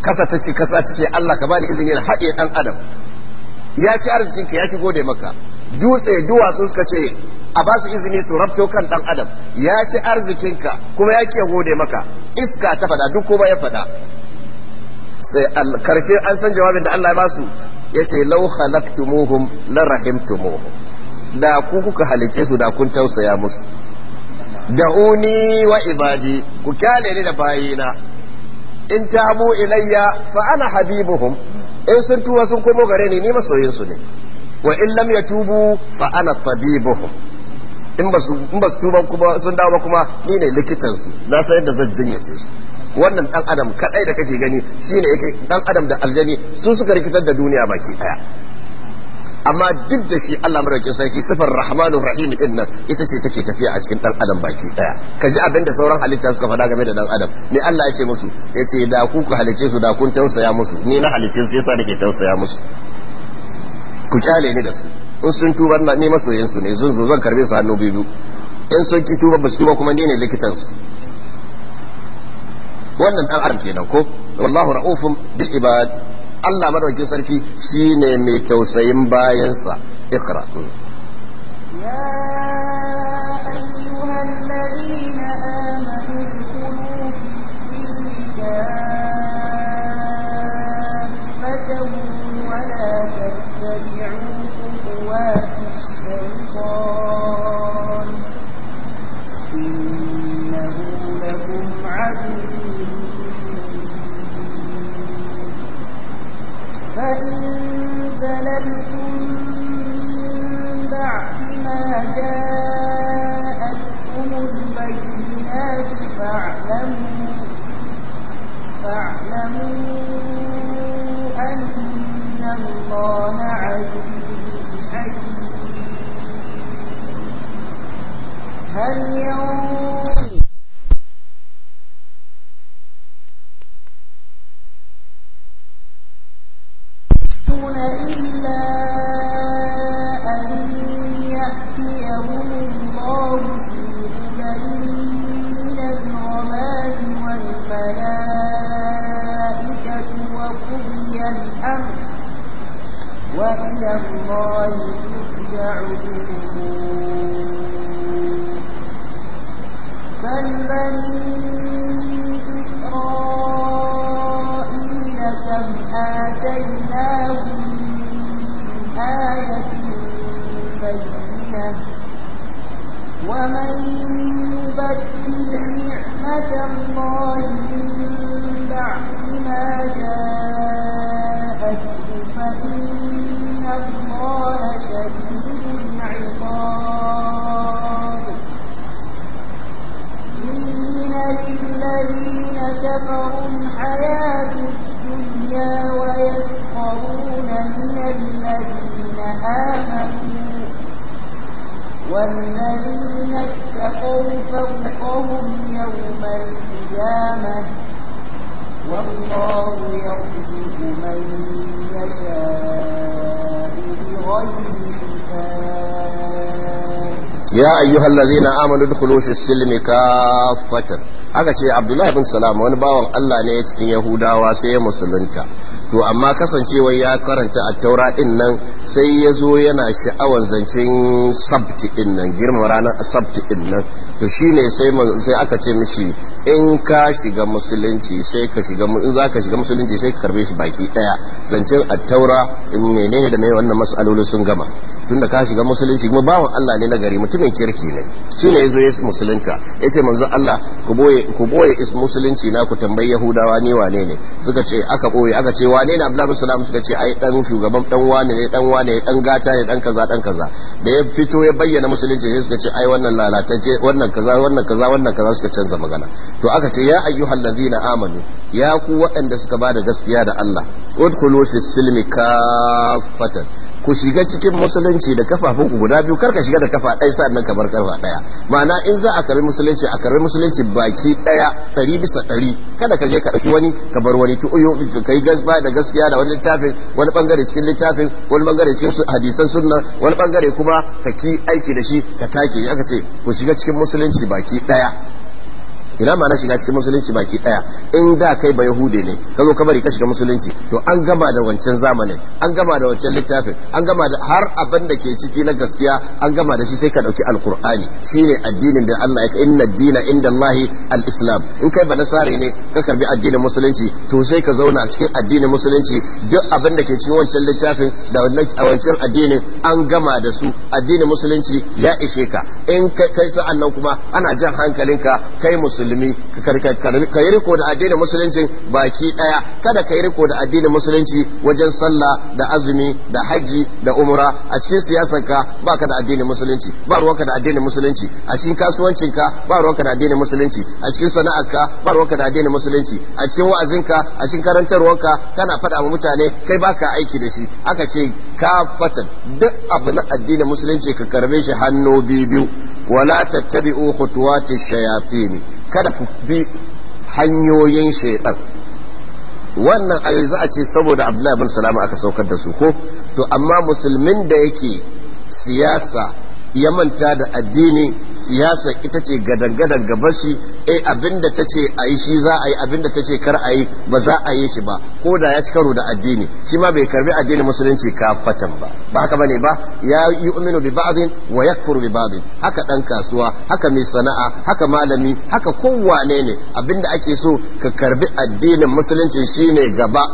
kasa ta ce kasa ta ce Allah ka bani izini na haɗe dan adam ya ci arzikinka ya ki gode maka dutse duwatsu suka ce a ba su izini su rabto kan dan adam ya ci arzikinka kuma ya ke gode maka iska ta faɗa duk ba ya faɗa sai karshe an san jawabin da Allah ya basu yace law khalaqtumuhum la rahimtumuhum da ku kuka halice su da kun tausaya musu da'uni wa ibadi ku kyale ni da bayina in tabu ilayya fa ana habibuhum in sun tuwa sun komo gare ni ni masoyinsu ne wa in lam yatubu fa ana tabibuhum in ba su tuba kuma sun dawo kuma ni ne likitansu na san yadda zan jinyace su wannan dan adam kadai da kake gani shine yake dan adam da aljani su suka rikitar da duniya baki daya amma duk da shi Allah madaukakin sarki sifar rahmanu rahim din nan ita ce take tafiya a cikin dan adam baki daya ka ji abin da sauran halitta suka faɗa game da dan adam me Allah ya ce musu ya ce da ku ku halice su da kun tausaya musu ni na halice su yasa nake tausaya musu ku kyale ni da su in sun tuba na ne masoyin su ne sun zo zan karbe su hannu biyu in sun ki tuba ba su tuba kuma ni ne likitan su wannan dan adam kenan ko wallahu ra'ufun bil ibad Allah madaukakin sarki shine mai tausayin bayansa ikra mm. زللتم بعد ما جاءتكم البينات فاعلموا فاعلموا أن الله عزيز هل ينظر وإلى الله ترجع الأمور بل بني ya ayyuhal ladzina amanu dukhulu fi silmi kaffatan aka ce abdullahi bin salam wani bawan Allah ne ya cikin yahudawa sai ya musulunta to amma kasancewar ya karanta a taura din nan sai ya zo yana sha'awar zancen sabti din nan girman ranar sabti din nan to shine sai sai aka ce mishi in ka shiga musulunci sai ka shiga in za ka shiga musulunci sai ka karbe shi baki daya zancen attaura in menene da mai wannan mas'alolin sun gama tunda ka shiga musulunci kuma bawan Allah ne na gari mutumin kirki ne ne yazo ya musulunta yace manzo Allah ku boye ku boye is musulunci na ku tambayi yahudawa ne wane ne suka ce aka boye aka ce wane ne Abdullahi sallam suka ce ai dan shugaban dan wane ne dan wane ne dan gata ne dan kaza dan kaza da ya fito ya bayyana musulunci sai suka ce ai wannan lalatacce wannan kaza wannan kaza wannan kaza suka canza magana to aka ce ya ayyuhal ladzina amanu ya ku waɗanda suka bada gaskiya da Allah udkhulu fis silmi kafatan ku shiga cikin musulunci da kafafun ku guda biyu karka shiga da kafa ɗaya sannan ka bar kafa ɗaya ma'ana in za a karbi musulunci a karbi musulunci baki ɗaya ɗari bisa ɗari kada ka je ka ɗauki wani ka bar wani ta uyo ka yi gasba da gaskiya da wani littafin wani bangare cikin littafin wani bangare cikin hadisan sunna wani bangare kuma ka ki aiki da shi ka take aka ce ku shiga cikin musulunci baki ɗaya ina ma na shiga cikin musulunci baki daya in da kai ba yahude ne ka zo ka bari ka shiga musulunci to an gama da wancan zamanin an gama da wancan littafin an gama da har abin da ke ciki na gaskiya an gama da shi sai ka dauki alqur'ani shine addinin da Allah ya inna dina inda Allah al-islam in kai ba nasari ne ka karbi addinin musulunci to sai ka zauna cikin addinin musulunci duk abin da ke cikin wancan littafin da wancan addinin an gama da su addinin musulunci ya ishe ka in kai sa'an nan kuma ana jan hankalinka kai musulunci musulmi ka yi riko da addinin musulunci baki daya kada ka yi riko da addinin musulunci wajen sallah da azumi da haji da umra a cikin ba baka da addinin musulunci ba ruwanka da addinin musulunci a cikin kasuwancinka ba ruwanka da addinin musulunci a cikin sana'arka ba ruwanka da addinin musulunci a cikin wa'azinka a cikin karantarwarka kana faɗa wa mutane kai baka aiki da shi aka ce ka fatan duk abu na addinin musulunci ka karbe shi hannu biyu biyu wala tattabi'u khutuwati shayatin kada ku bi hanyoyin shaidan wannan a za a ce saboda abdullahi bin salama aka saukar da su ko to amma musulmin da yake siyasa ya manta da addini siyasa ita ce gadangadan gaba shi eh abinda ta ce a shi za a yi abinda ta ce kar a yi ba za a yi shi ba ko da ya ci karo da addini shi ma bai karbi addinin musulunci kafatan ba ba haka bane ba ya yu'minu bi ba'din wa yakfuru bi ba'din haka dan kasuwa haka mai sana'a haka malami haka kowane ne abinda ake so ka karbi addinin musulunci shine gaba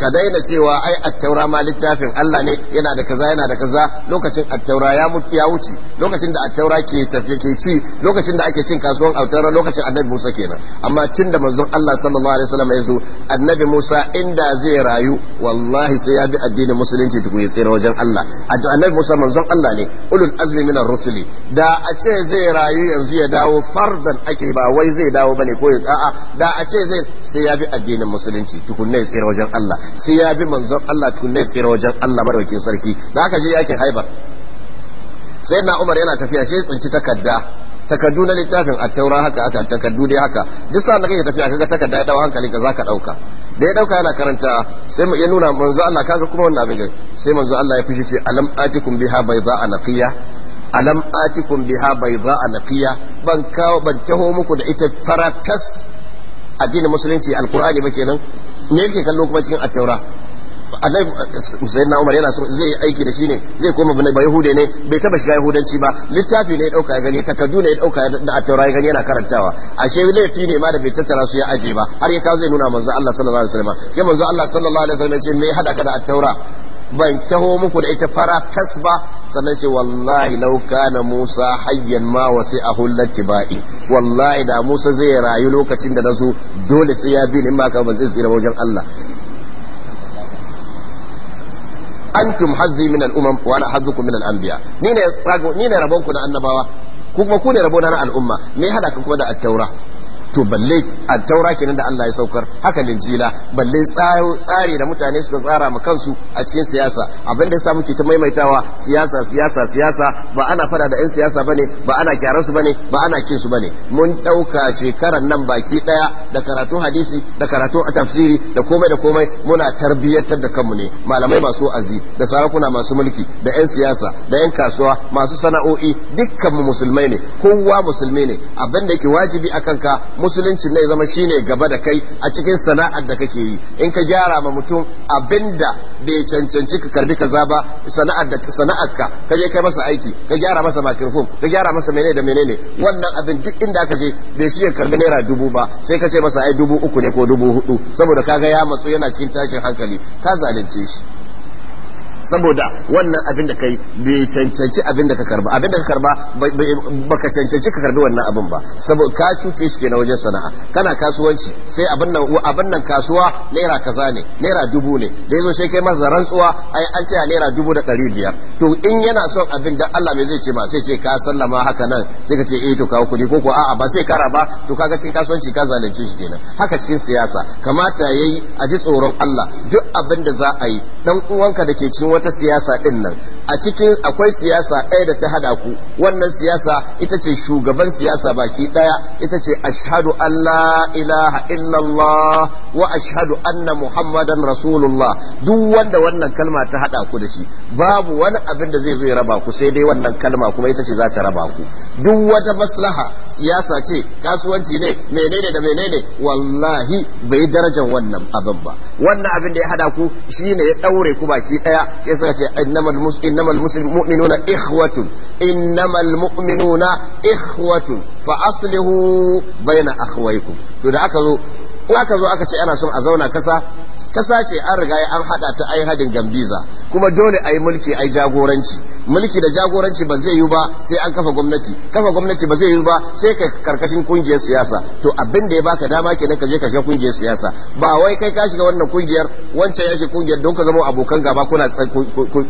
ka daina cewa ai attaura ma littafin Allah ne yana da kaza yana da kaza lokacin attaura ya mutu ya wuce lokacin da attaura ke tafi ke ci lokacin da ake cin kasuwan attaura lokacin annabi Musa kenan amma tun da manzon Allah sallallahu alaihi wasallam ya zo annabi Musa inda zai rayu wallahi sai ya bi addinin musulunci duk ya tsira wajen Allah annabi Musa manzon Allah ne ulul azmi minar rusuli da a ce zai rayu yanzu ya dawo fardan ake ba wai zai dawo bane ko ya a'a da a ce zai sai ya bi addinin musulunci tukunna sai wajen Allah sai ya bi manzon Allah ne tsira wajen Allah madaukin sarki da aka je yakin haibar sai na umar yana tafiya shi tsinci takarda takardu na littafin attaura haka aka takardu dai haka duk sa'an da kake tafiya kaga takarda ya dawo hankali ka zaka dauka da ya dauka yana karanta sai ya nuna manzo Allah kaga kuma wannan abin sai manzo Allah ya fushi shi alam atikum biha bayda naqiya alam atikum biha bayda naqiya ban kawo ban taho muku da ita farakas addinin musulunci alqur'ani ba kenan me yake kallo kuma cikin attaura annabi na umar yana so zai yi aiki da shi ne zai koma ba yahude ne bai taba shiga yahudanci ba littafi ne ya dauka ya gani takardu ne ya dauka da attaura ya gani yana karantawa ashe laifi ne ma da bai tattara su ya aje ba har ya kawo zai nuna manzo Allah sallallahu alaihi wasallam sai manzo Allah sallallahu alaihi wasallam ya ce me hada ka da attaura ban taho muku da ita fara tas ba sannan ce wallahi lau kana Musa hayyan ma wasi a tibai wallahi da Musa zai rayu lokacin da nazo dole sai ya bi ni ma ba zai tsira wajen Allah antum hazzi min al-umam wa ana hazzukum min al ni ne rabon ku rabonku na annabawa kuma ku ne rabona na al'umma me hada ka kuma da at to balle a taura kenan da Allah ya saukar haka jila balle tsari da mutane suka tsara ma kansu a cikin siyasa abin da yasa muke ta maimaitawa siyasa siyasa siyasa ba ana fada da yan siyasa bane ba ana gyaran su bane ba ana kin su bane mun dauka shekaran nan baki daya da karatu hadisi da karatu tafsiri da komai da komai muna tarbiyyantar da kanmu ne malamai masu azi da sarakuna masu mulki da yan siyasa da yan kasuwa masu sana'o'i dukkan mu musulmai ne kowa musulmai ne abin da yake wajibi akan ka musulunci ne zama shine gaba da kai a cikin sana'ar da kake yi in ka gyara ma mutum abinda bai cancanci ka karbi kaza ba sana'ar da sana'ar ka ka je kai masa aiki ka gyara masa microphone ka gyara masa menene da menene wannan abin duk inda aka je bai shi ka karbi naira dubu ba sai ka ce masa ai dubu uku ne ko dubu hudu saboda kaga ya matsu yana cikin tashin hankali ka zalunce shi saboda wannan abin da kai bai cancanci abin da ka karba abin da ka karba baka cancanci ka karbi wannan abin ba saboda ka cuce shi kenan wajen sana'a kana kasuwanci sai abin nan kasuwa naira kaza ne naira dubu ne da yazo sai kai masa rantsuwa ai an ce naira dubu da ɗari biyar to in yana son abin da Allah mai zai ce ma sai ce ka sallama haka nan sai ka ce eh to kawo kuɗi ko ko a'a ba sai kara ba to kaga cikin kasuwanci ka zalunce shi kenan haka cikin siyasa kamata yayi a ji tsoron Allah duk abin da za a yi dan uwanka da ke cikin wata siyasa din nan a cikin akwai siyasa ɗaya da ta hada ku wannan siyasa ita ce shugaban siyasa baki ɗaya ita ce ashhadu an la ilaha illallah wa ashadu anna muhammadan rasulullah duk wanda wannan kalma ta hada ku da shi babu wani abin da zai zo ya raba ku sai dai wannan kalma kuma ita ce za ta raba ku duk wata maslaha siyasa ce kasuwanci ne menene da menene wallahi bai darajar wannan abin ba wannan abin da ya hada ku shine ya daure ku baki daya ya suka ce innamal innamal mu'minuna ikhwatun innamal mu'minuna ikhwatun fa aslihu baina akhwaykum to da aka zo aka zo aka ce ana son a zauna kasa kasa ce an riga an hada ta ai hadin gambiza kuma dole ai mulki ai jagoranci mulki da jagoranci ba zai yi ba sai an kafa gwamnati kafa gwamnati ba zai yi ba sai ka karkashin kungiyar siyasa to abin da ya baka dama kenan ka je ka shiga kungiyar siyasa ba wai kai ka shiga wannan kungiyar wancan ya shiga kungiyar don ka zama abokan gaba kuna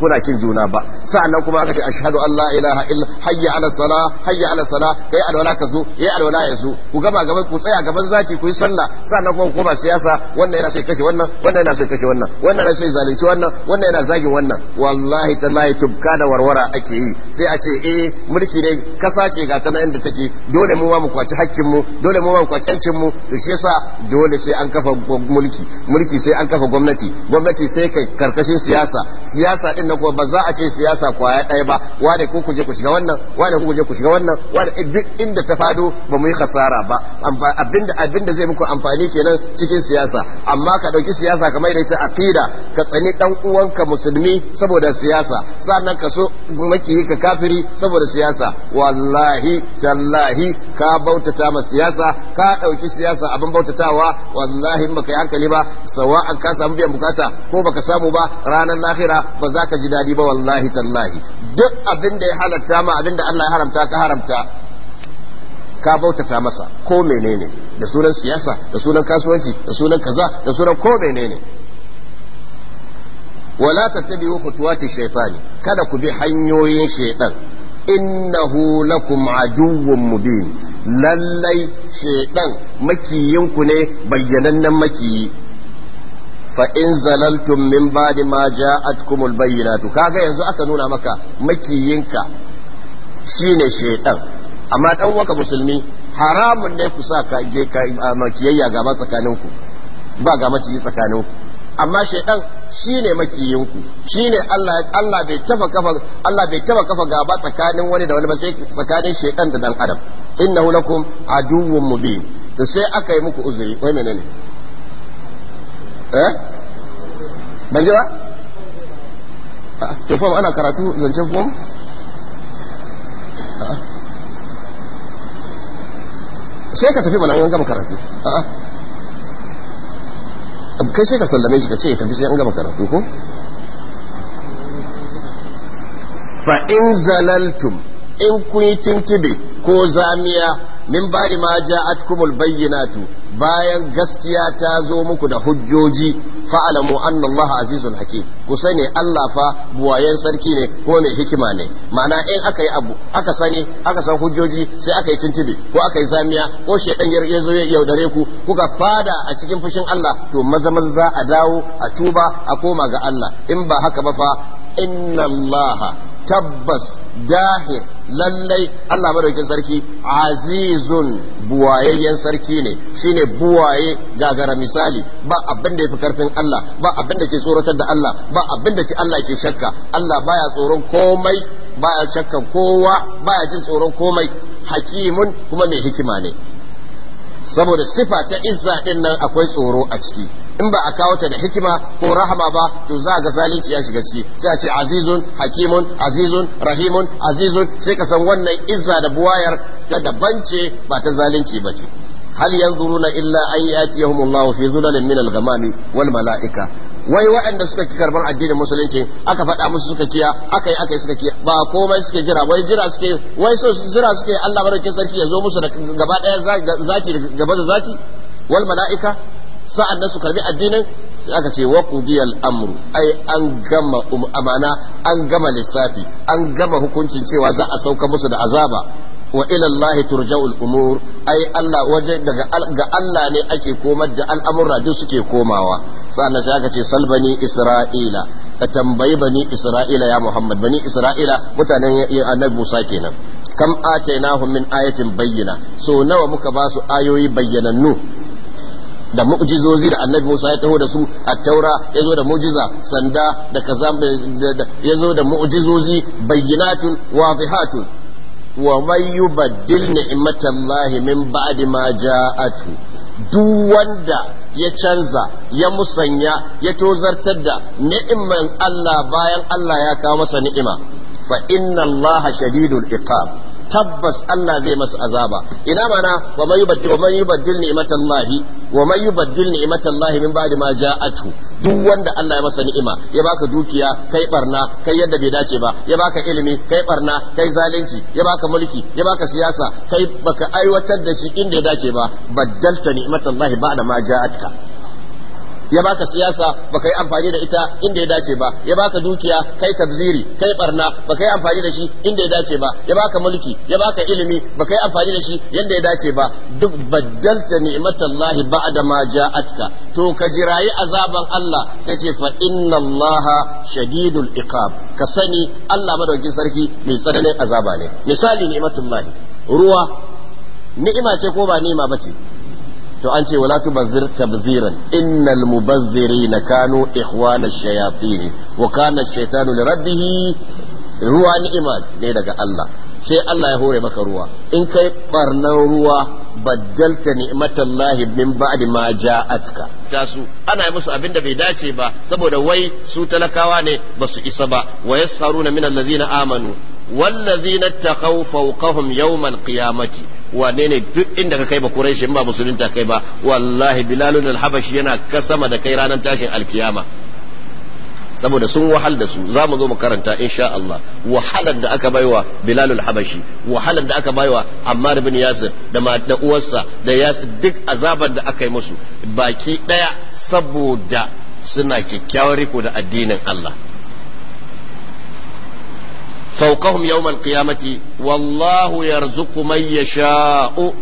kuna kin juna ba sa'annan kuma aka ce ashhadu an la ilaha illa hayya ala sala hayya ala sala kai alwala ka zo yayi alwala ya zo ku gaba gaba ku tsaya gaban zaki ku yi sallah sa'annan kuma ku ba siyasa wannan yana sai kashe wannan wannan yana son kashe wannan wannan yana so zalunci wannan wannan yana zagin wannan wallahi tallahi tubka da warwara ake yi sai a ce eh mulki ne kasa ce ga ta nan inda take dole mu ma mu kwaci hakkin mu dole mu ma mu kwaci yancin mu to shi yasa dole sai an kafa mulki mulki sai an kafa gwamnati gwamnati sai kai karkashin siyasa siyasa din na kuma ba za a ce siyasa kwaya ɗaya ba wane ku kuje ku shiga wannan wane ku kuje ku shiga wannan wane eh, duk inda ta fado ba mu yi khasara ba abinda abinda zai muku amfani kenan cikin siyasa amma ka dauki siyasa siyasa kamar da ita aqida ka tsani dan uwanka musulmi saboda siyasa sannan ka so makiyi ka kafiri saboda siyasa wallahi tallahi ka bautata ma siyasa ka dauki siyasa abin bautatawa wallahi in baka yi hankali ba sawa'an ka samu biyan bukata ko baka samu ba ranar lahira ba za ka ji dadi ba wallahi tallahi duk abin da ya halatta ma abin da Allah ya haramta ka haramta ka bautata masa ko menene da sunan siyasa da sunan kasuwanci da sunan kaza da sunan ko menene wala tattabi'u khutuwati shaytani kada ku bi hanyoyin shaytan innahu lakum aduwwun mubin lallai shaytan makiyinku ne bayyanannen makiyi fa in zalaltum min ba'di ma ja'atkumul bayyinatu kaga yanzu aka nuna maka makiyinka shine shaytan amma dan waka musulmi haramun ne ku sa ka je ka ah, makiyayya gaba ku ba ga maciji ku amma shaidan shine ku shine Allah Allah bai tafa kafa Allah bai tafa kafa gaba tsakanin wani da wani ba sai tsakanin shaidan da dan adam innahu lakum aduwwun mubin to sai aka yi muku uzuri wai menene eh ban ji ba ah, to fa ana karatu zancen fam sai ka tafi bana an gama karatu a kai sai ka sallame shi ka ce ya tafi sai an gama karatu ko fa in zalaltum in kun yi tintibe ko zamiya min ba'di ma ja'atkumul bayyinatu bayan gaskiya ta zo muku da hujjoji fa'alamu anna Allah azizun hakim ku sani Allah fa buwayen sarki ne ko mai hikima ne mana in aka yi abu aka sani aka san hujjoji sai aka yi tuntube ko aka yi zamiya ko shedan ya zo ya yaudare ku kuka fada a cikin fushin Allah to maza maza za a dawo a tuba a koma ga Allah in ba haka ba fa inna Allah tabbas dahir lallai Allah madaukin sarki azizun buwayayyen sarki ne shine buwaye gagara misali ba abin da yafi karfin Allah ba abin da ke tsoratar da Allah ba abin da Allah ke shakka Allah baya tsoron komai baya shakkan kowa baya jin tsoron komai hakimun kuma mai hikima ne saboda sifa ta izza din nan akwai tsoro a ciki in ba a kawo ta da hikima ko rahama ba to za ga zalunci ya shiga ciki sai a ce azizun hakimun azizun rahimun azizun sai ka san wannan izza da buwayar ta daban ce ba ta zalunci ba ce hal yanzuruna illa an yatiyahumullahu fi zulalin min al-ghamami wal mala'ika wai waɗanda suka ki karban addinin musulunci aka faɗa musu suka kiya aka yi aka yi suka kiya ba komai suke jira wai jira suke wai so jira suke Allah madaukakin sarki ya zo musu da gaba ɗaya zaki gaba da zaki wal mala'ika sa'an nan su karbi addinin aka ce wa qudiyal amru ai an gama um-, amana an gama lissafi an gama hukuncin cewa za a sauka musu da azaba wa ila turja'ul umur ai Allah waje daga ga Allah ne ake komar da al'amura duk suke komawa sa'an sai aka ce salbani isra'ila ka tambayi bani isra'ila ya Muhammad bani isra'ila mutanen annabi Musa kenan kam atainahum min ayatin bayyana so nawa muka ba su ayoyi bayyanannu da mu'jizozi da annabi Musa ya taho da su a taura ya zo da mu'jiza sanda da kaza ya zo da mu'jizozi bayyinatun wadihatun wa man yubaddil ni'matallahi min ba'di ma ja'atu duk wanda ya canza ya musanya ya tozartar da ni'imman Allah bayan Allah ya kawo masa ni'ima fa inna Allah shadidul iqab tabbas Allah zai masa azaba ina mana wa man yubaddil wa man yubaddil ni'matallahi wa man yubaddil min ba'di ma ja'atu duk wanda Allah ya masa ni'ima ya baka dukiya kai barna kai yadda bai dace ba ya baka ilimi kai barna kai zalunci ya baka mulki ya baka siyasa kai baka aiwatar da shi inda ya dace ba baddalta ni'matallahi ba'da ma ja'atka ya baka siyasa baka yi amfani da ita inda ya dace ba ya baka dukiya kai tabziri kai barna baka yi amfani da shi inda ya dace ba ya baka mulki ya baka ilimi baka yi amfani da shi yanda ya dace ba duk baddalta ni'matallahi ba'da ma ja'atka to ka jirayi azaban Allah sai ce fa inna Allah shadidul iqab ka sani Allah madaukin sarki mai tsananin azaba ne misali ni'matullahi ruwa ni'ima ce ko ba ni'ima bace to an ce wala tubazzir tabziran innal mubazzirina kanu Kano ash-shayatin wa kana ash-shaytanu li rabbih ruwa ni'ima ne daga Allah sai Allah ya hore maka ruwa in kai barnan ruwa baddalta lahi min ba'di ma ja'atka tasu ana yi musu abin da bai dace ba saboda wai su talakawa ne basu isa ba wa yasharuna min allazina amanu wallazina اتقوا فوقهم يوم qiyamati. wane ne duk inda ka kai ba Quraish ba musulunta kai ba wallahi Bilalun na habashi yana ka sama da kai ranar tashin alkiyama saboda sun wahal da su za mu zo mu karanta insha Allah wahalar da aka baiwa Bilal habashi wahalar da aka baiwa Ammar bin Yasir da da uwarsa da Yasir duk azaban da aka yi musu baki daya saboda suna kyakkyawar riko da addinin Allah فوقهم يوم القيامة والله يرزق من يشاء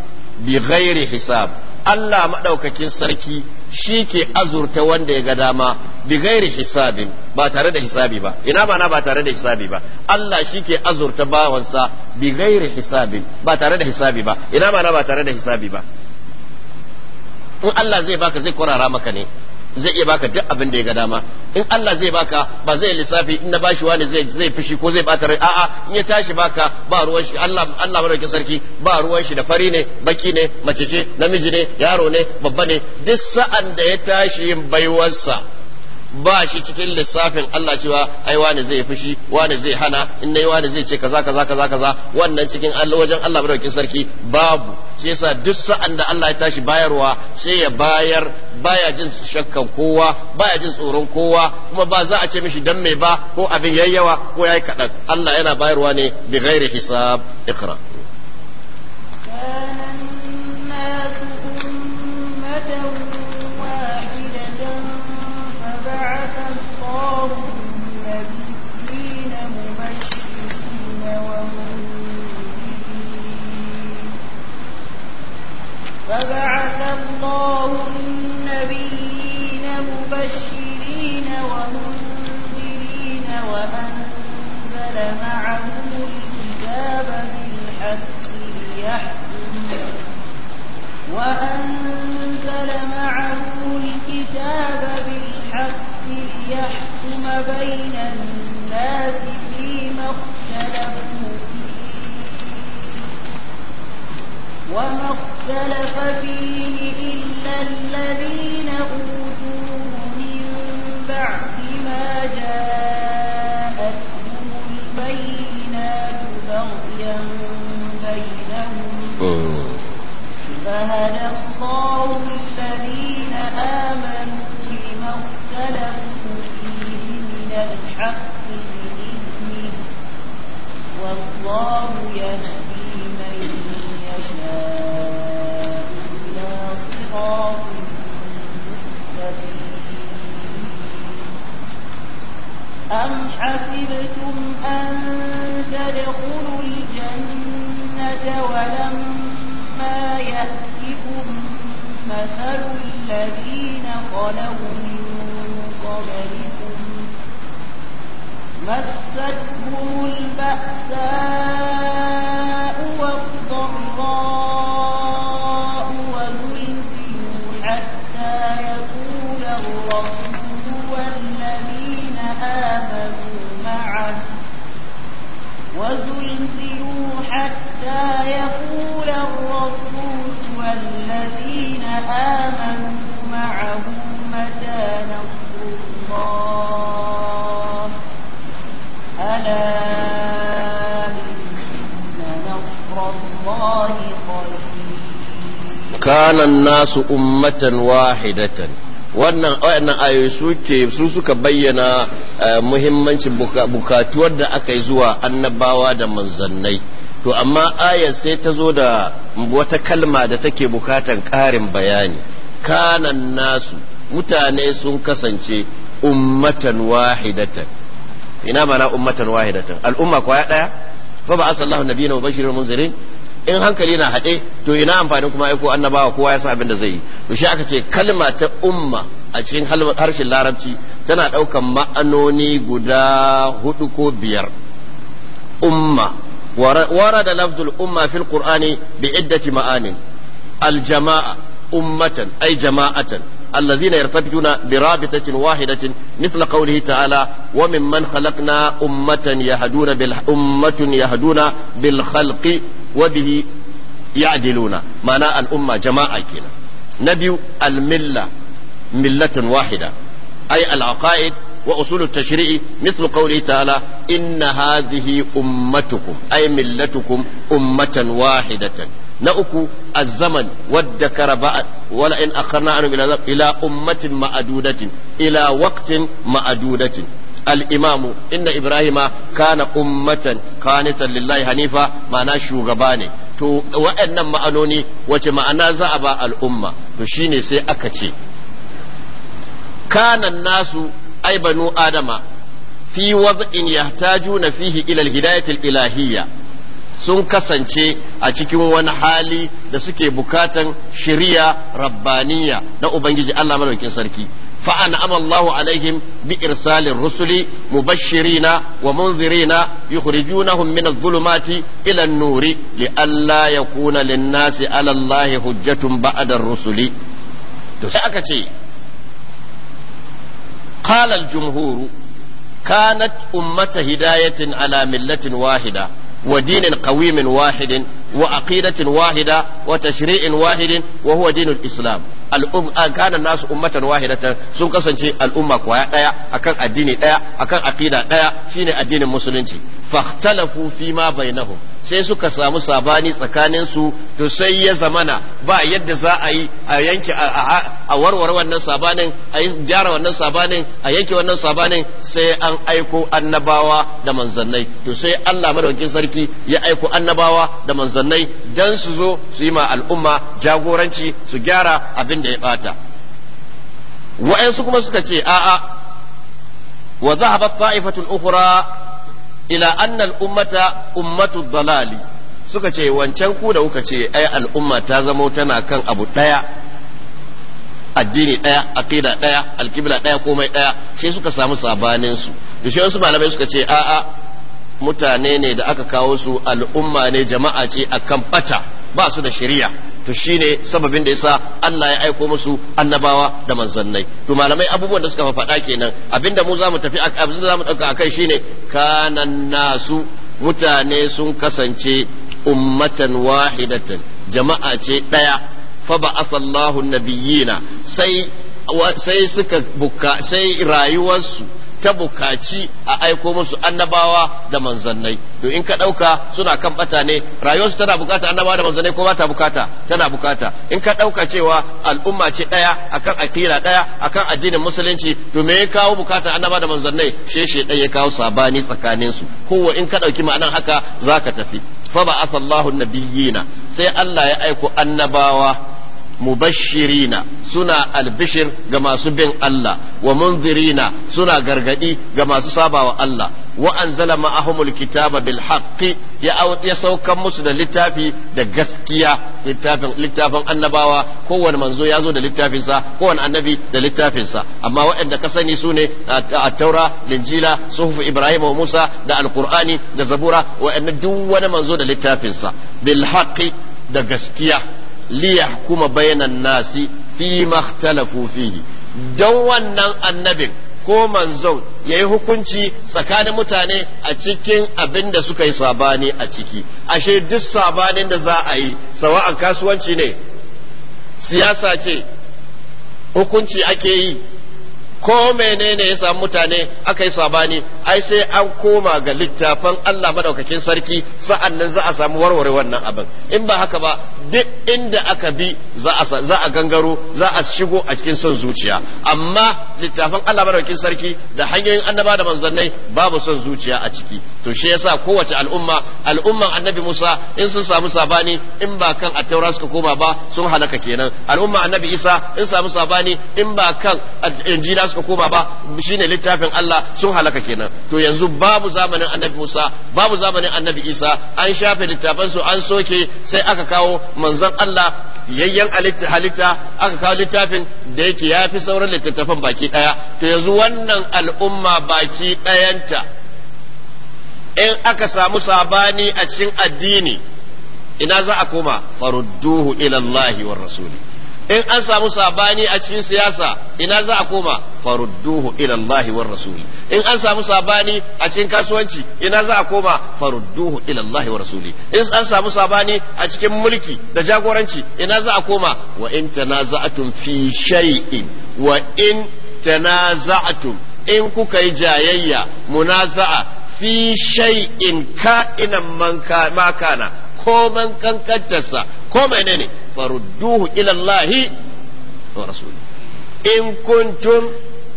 بغير حساب الله ما كين سركي شيكي أزر توند قداما بغير حساب با ترد حسابي با إنما أنا با ترد حسابي با الله شيكي أزر تباونسا بغير حساب با ترد حسابي با إنما أنا با ترد حسابي با in الله زي baka زي kurara maka ني zai iya baka duk abin da ya ga dama in Allah zai baka ba zai lissafi in na bashi wani zai zai fushi ko zai bata rai a'a in ya tashi baka ba ruwan shi Allah Allah ki sarki ba ruwan shi da fari ne baki ne mace ce namiji ne yaro ne babba ne duk sa'an da ya tashi yin baiwarsa ba shi cikin lissafin Allah cewa ai wani zai fushi wani zai hana in nayi wani zai ce kaza kaza kaza kaza wannan cikin Allah wajen Allah madaukakin sarki babu shi yasa duk sa'an da Allah ya tashi bayarwa sai ya bayar baya jin shakkan kowa baya jin tsoron kowa kuma ba za a ce mishi dan mai ba ko abin yayyawa ko yayi kadan Allah yana bayarwa ne bi ghairi hisab ikra su ummatan wahidatan wannan wayannan ayoyi suke su suka bayyana eh, muhimmancin bukatuwar da aka yi zuwa annabawa da manzannai to amma ayar sai ta zo da wata kalma da take bukatan karin bayani kanan nasu mutane sun kasance ummatan wahidatan ina mana ummatan wahidatan al'umma kwaya ɗaya fa ba asallahu nabiyina wa bashirin munzirin in hankali na haɗe to ina amfanin kuma aiko annabawa kowa ya san abin da zai yi to shi aka ce kalma ta umma a cikin harshen larabci tana ɗaukan ma'anoni guda hudu ko biyar umma ورد لفظ الأمة في القرآن ma'anin معان الجماعة ummatan أي jama'atan. الذين يرتبطون برابطة واحدة مثل قوله تعالى وممن خلقنا أمة يهدون بالأمة يهدون بالخلق وبه يعدلون معنى الأمة جماعة كنا نبي الملة ملة واحدة أي العقائد وأصول التشريع مثل قوله تعالى إن هذه أمتكم أي ملتكم أمة واحدة نأكو الزمن والذكر بعد ولئن أخرنا عنهم إلى أمة معدودة إلى وقت معدودة الإمام إن إبراهيم كان أمة قانتا لله حنيفا معناه شوغباني to wa'annan ma'anoni wace ma'ana za a ba al'umma to shine sai aka ce kanan nasu ai banu adama fi wad'in yahtajuna fihi ila alhidayatil ilahiyya sun kasance a cikin wani hali da suke bukatan shari'a rabbaniya na ubangiji Allah madaukin sarki fa an'ama alaihim bi irsalir rusuli mu mubashshirina wa munzirina yukhrijunahum min adh-dhulumati ila an-nuri li alla yakuna lin-nasi ala hujjatun ba'da rusuli sai aka ce قال الجمهور كانت أمة هداية على ملة واحدة ودين قويم واحد وعقيدة واحدة وتشريع واحد وهو دين الإسلام الأم... كان الناس أمة واحدة سن كسنشي الأمة كوايا دايا أكان الدين دايا أكان عقيدة دايا شيني الدين المسلمين فاختلفوا فيما بينهم sai suka samu sabani tsakanin su to sai ya zamana ba yadda za a yi a yanke a warware wannan sabanin a yi gyara wannan sabanin a yanke wannan sabanin sai an aiko annabawa da manzannai to sai Allah madaukakin sarki ya aiko annabawa da manzannai dan su zo su yi ma al'umma jagoranci su gyara abin da ya bata wa'ansu kuma suka ce a'a wa zahabat ta'ifatul ukhra ila annal ummata ummatu dalali suka ce wancan ku da kuka ce ai al'umma ta zama tana kan abu daya addini daya aqida daya alkibla daya komai daya sai suka samu sabanin su da shi wasu malamai suka ce a'a mutane ne da aka kawo su al'umma ne jama'a ce akan bata ba su da shari'a to shine sababin da yasa Allah ya aiko musu annabawa da manzannai to malamai abubuwan da suka faɗa kenan abinda mu zamu tafi abin da zamu kai akai shine kanan nasu mutane sun kasance ummatan wahidatan jama'a ce ɗaya fa ba'atha Allahu nabiyina sai sai suka buka sai rayuwarsu ta bukaci a aiko musu annabawa da manzannai to in ka ɗauka suna kan bata ne rayuwarsu tana bukata annabawa da manzannai ko ba ta bukata tana bukata in ka ɗauka cewa al'umma ce ɗaya akan akira ɗaya akan addinin musulunci to me ya kawo bukata annabawa da manzannai sheshe ɗaya ya kawo sabani tsakaninsu kowa in ka ɗauki ma'anan haka za ka tafi fa ba asallahu nabiyina sai Allah ya aiko annabawa mubashirina suna albishir ga masu bin Allah wa munzirina suna gargadi ga masu sabawa Allah wa anzala ma'ahumul kitaba bil haqqi ya saukan musu da littafi da gaskiya littafin littafin annabawa kowane manzo ya zo da littafinsa kowane annabi da littafinsa amma waɗanda ka sani su ne at-taura linjila suhuf ibrahim wa musa da alqur'ani da zabura waɗannan duk wani manzo da littafinsa bil haqqi da gaskiya liyahkuma bainan nasi fi makhtalafu fihi don wannan annabin ko manzon ya yi hukunci tsakanin mutane a cikin abin da suka yi sabani a ciki ashe duk sabanin da za a yi sawa'an kasuwanci ne siyasa ce hukunci ake yi ko menene ya samu mutane aka yi sabani ai sai an koma ga littafan Allah madaukakin sarki sa'an nan za a samu warware wannan abin in ba haka ba duk inda aka bi za a gangaro za a shigo a cikin son zuciya amma littafan Allah madaukakin sarki da hanyoyin annaba da manzannai babu son zuciya a ciki to shi yasa kowace al'umma al'umman annabi Musa in sun samu sabani in ba kan attaura suka koma ba sun halaka kenan al'umma annabi Isa in samu sabani in ba kan injila suka koma ba shine littafin Allah sun halaka kenan to yanzu babu zamanin annabi Musa babu zamanin annabi Isa an shafe littafan su an soke sai aka kawo manzon Allah yayyan halitta aka kawo littafin da yake ya fi sauran littattafan baki daya to yanzu wannan al'umma baki dayanta in aka samu sabani a cikin addini ina za a koma farudduhu ila Allahi war rasuli in an samu sabani a cikin siyasa ina za a koma farudduhu ila Allahi war rasuli in an samu sabani a cikin kasuwanci ina za a koma farudduhu ila Allahi war rasuli in an samu sabani a cikin mulki da jagoranci ina za a koma wa in tanaza'atum fi shay'in wa in tanaza'atum in kuka yi jayayya munaza'a fi shay'in ka'inan man ma ko man kankantarsa ko menene farudduhu ila Allah wa rasuli in kuntum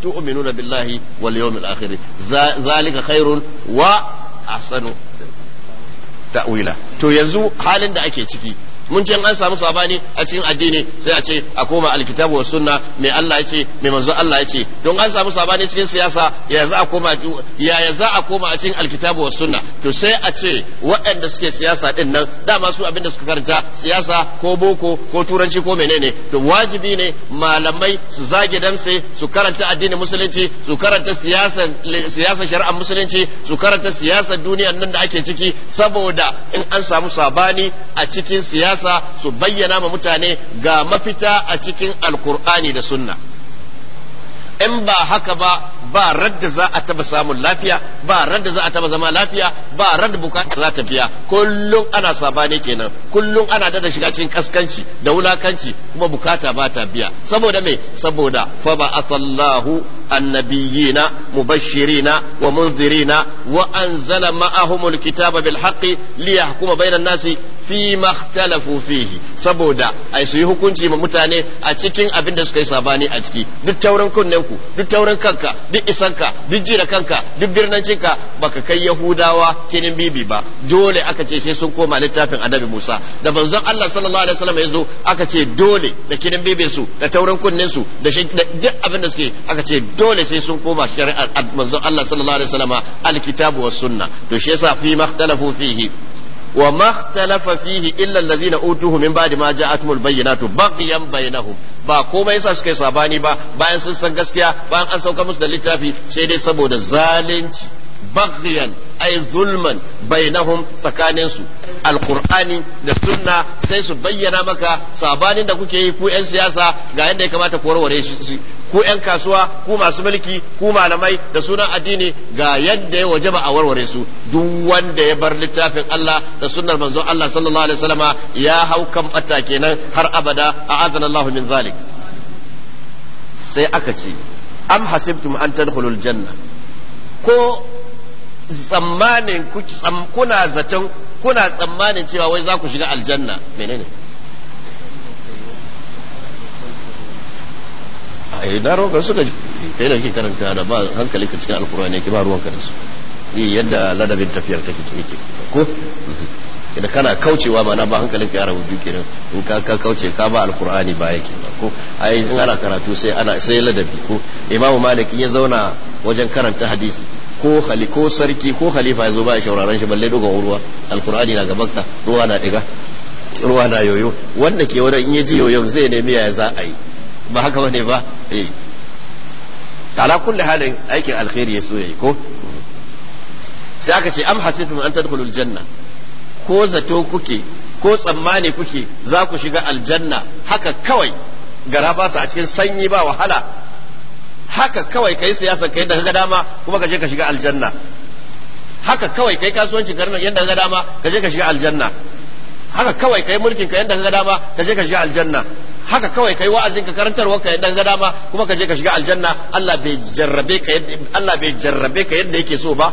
tu'minuna billahi wal yawmil akhir zalika khairun wa ahsanu ta'wila to yanzu halin da ake ciki mun ce an samu sabani a cikin addini sai a ce a koma alkitabu wa sunna me Allah ya ce me manzo Allah ya ce don an samu sabani cikin siyasa ya za a koma ya za a koma a cikin alkitabu wa sunna to sai a ce waɗanda suke siyasa din nan dama su abinda suka karanta siyasa ko boko ko turanci ko menene to wajibi ne malamai su zage damse su karanta addinin musulunci su karanta siyasa siyasa shari'ar musulunci su karanta siyasar duniyar nan da ake ciki saboda in an samu sabani a cikin siyasa siyasa su bayyana ma mutane ga mafita a cikin alkur'ani da sunna in ba haka ba ba radda za a taba samun lafiya ba radda za a taba zama lafiya ba radda bukata za ta biya kullum ana ne kenan kullum ana dada shiga cikin kaskanci da wulakanci kuma bukata ba ta biya saboda me saboda fa ba asallahu annabiyina mubashirina wa munzirina wa anzala ma'ahumul kitaba bil haqqi liyahkuma bainan nasi fi makhtalafu fihi saboda ai su yi hukunci ma mutane a cikin abin da suka yi sabani a ciki duk tauran kunnen ku duk tauran kanka duk isanka duk jira kanka duk ka baka kai yahudawa kinin bibi ba dole aka ce sai sun koma littafin annabi Musa da banzan Allah sallallahu alaihi wasallam yazo aka ce dole da kinin bibin su da tauran kunnen su da duk abin da suke aka ce dole sai sun koma shari'ar manzon Allah sallallahu alaihi wasallam alkitabu was sunna to shi yasa fi makhtalafu fihi wa makhtalafa fihi illa lazina utuhu min ba'di ma bayyana bayyinatu baghyan bainahum ba komai yasa suka sabani ba bayan sun san gaskiya bayan an sauka musu da littafi sai dai saboda zalunci baghyan ay zulman bainahum tsakanin su alqur'ani da sunna sai su bayyana maka sabanin da kuke yi ku yan siyasa ga yadda ya kamata ku warware shi ku yan kasuwa ku masu mulki ku malamai da sunan addini ga yadda ya wajaba a warware su duk wanda ya bar littafin Allah da sunnar manzo Allah sallallahu alaihi wasallama ya hau kan bata kenan har abada a'azana Allah min zalik sai aka ce am hasibtum an tadkhulul janna ko tsammanin kuna zaton kuna tsammanin cewa wai za ku shiga aljanna menene eh roƙa suka kai da kike karanta da ba hankali ka cikin alkur'ani ki ba ruwanka da su yi yadda ladabin tafiyar take yake ko idan kana kaucewa ba na ba hankalin ka yara biyu kenan in ka ka kauce ka ba alkur'ani ba yake ko ai in ana karatu sai ana sai ladabi ko imamu malik ya zauna wajen karanta hadisi ko khali ko sarki ko khalifa ya zo ba ya shauraran shi balle dogon ruwa alkur'ani na gaban ka ruwa na diga ruwa na yoyo wanda ke wani in ya ji yoyon zai nemi ya za a yi ba haka bane ba eh ala kulli halin aikin alkhairi ya so yayi ko sai aka ce am hasibtum an tadkhulul janna ko zato kuke ko tsammani kuke za ku shiga aljanna haka kawai gara ba su a cikin sanyi ba wahala haka kawai kai siyasa kai da ga dama kuma ka je ka shiga aljanna haka kawai kai kasuwanci garin yadda ga dama ka je ka shiga aljanna haka kawai kai mulkin ka yadda ga dama ka je ka shiga aljanna haka kawai kai wa'azin ka karantarwa ka dan gada ba kuma ka je ka shiga aljanna Allah bai jarrabe ka yadda Allah bai jarrabe ka yadda yake so ba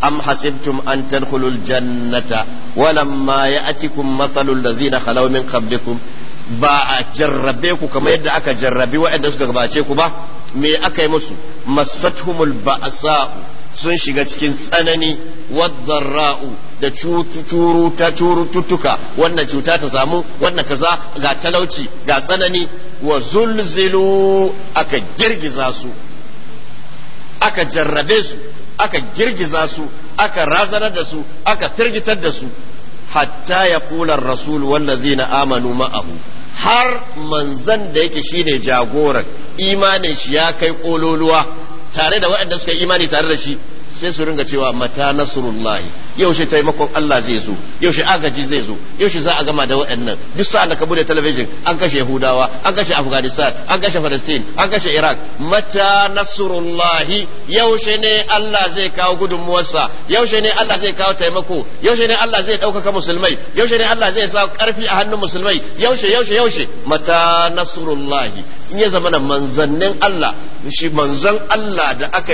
am hasibtum an tadkhulul jannata walamma ya'tikum mathalul ladzina khalaw min qablikum ba a jarrabe ku kamar yadda aka jarrabi waɗanda suka gabace ku ba me aka yi musu masathumul ba'sa sun shiga cikin tsanani wadda ra'u. da cututtuka wannan cuta ta samu wannan kaza ga talauci ga tsanani wa zulzilu aka girgiza su aka jarrabe su aka girgiza su aka razanar da su aka firgitar da su hatta ya kula rasul wallazina amanu ma'ahu har manzan da yake shine jagoran imanin shi ya kai kololuwa tare da waɗanda suka imani tare da shi sai su ringa cewa mata nasrullahi yaushe taimakon Allah zai zo yaushe agaji zai zo yaushe za a gama da waɗannan duk sa'an da ka bude talabijin an kashe Yahudawa an kashe Afghanistan an kashe Palestine an kashe Iraq mata nasrullahi yaushe ne Allah zai kawo gudunmuwarsa yaushe ne Allah zai kawo taimako yaushe ne Allah zai ɗaukaka musulmai yaushe ne Allah zai sa karfi a hannun musulmai yaushe yaushe yaushe mata nasrullahi in ya zama manzannin Allah shi manzon Allah da aka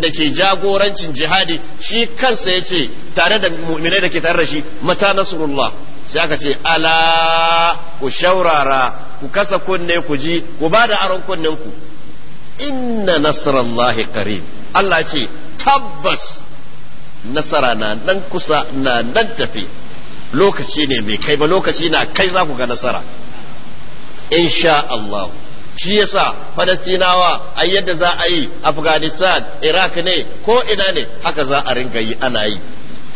da ke jagorancin jihadi shi kansa yace tare da mu'minai da ke tare da shi mata nasrullah sai aka ce ala ku shaurara ku kasa kunne ku ji ku ba da aron kunnen ku inna nasrallahi qarib Allah ce tabbas nasara na nan kusa na nan tafi lokaci ne mai kai ba lokaci na kai za ku ga nasara insha Allah shi yasa falastinawa a yadda za a yi afghanistan iraq ne ko ina ne haka za a ringa yi ana yi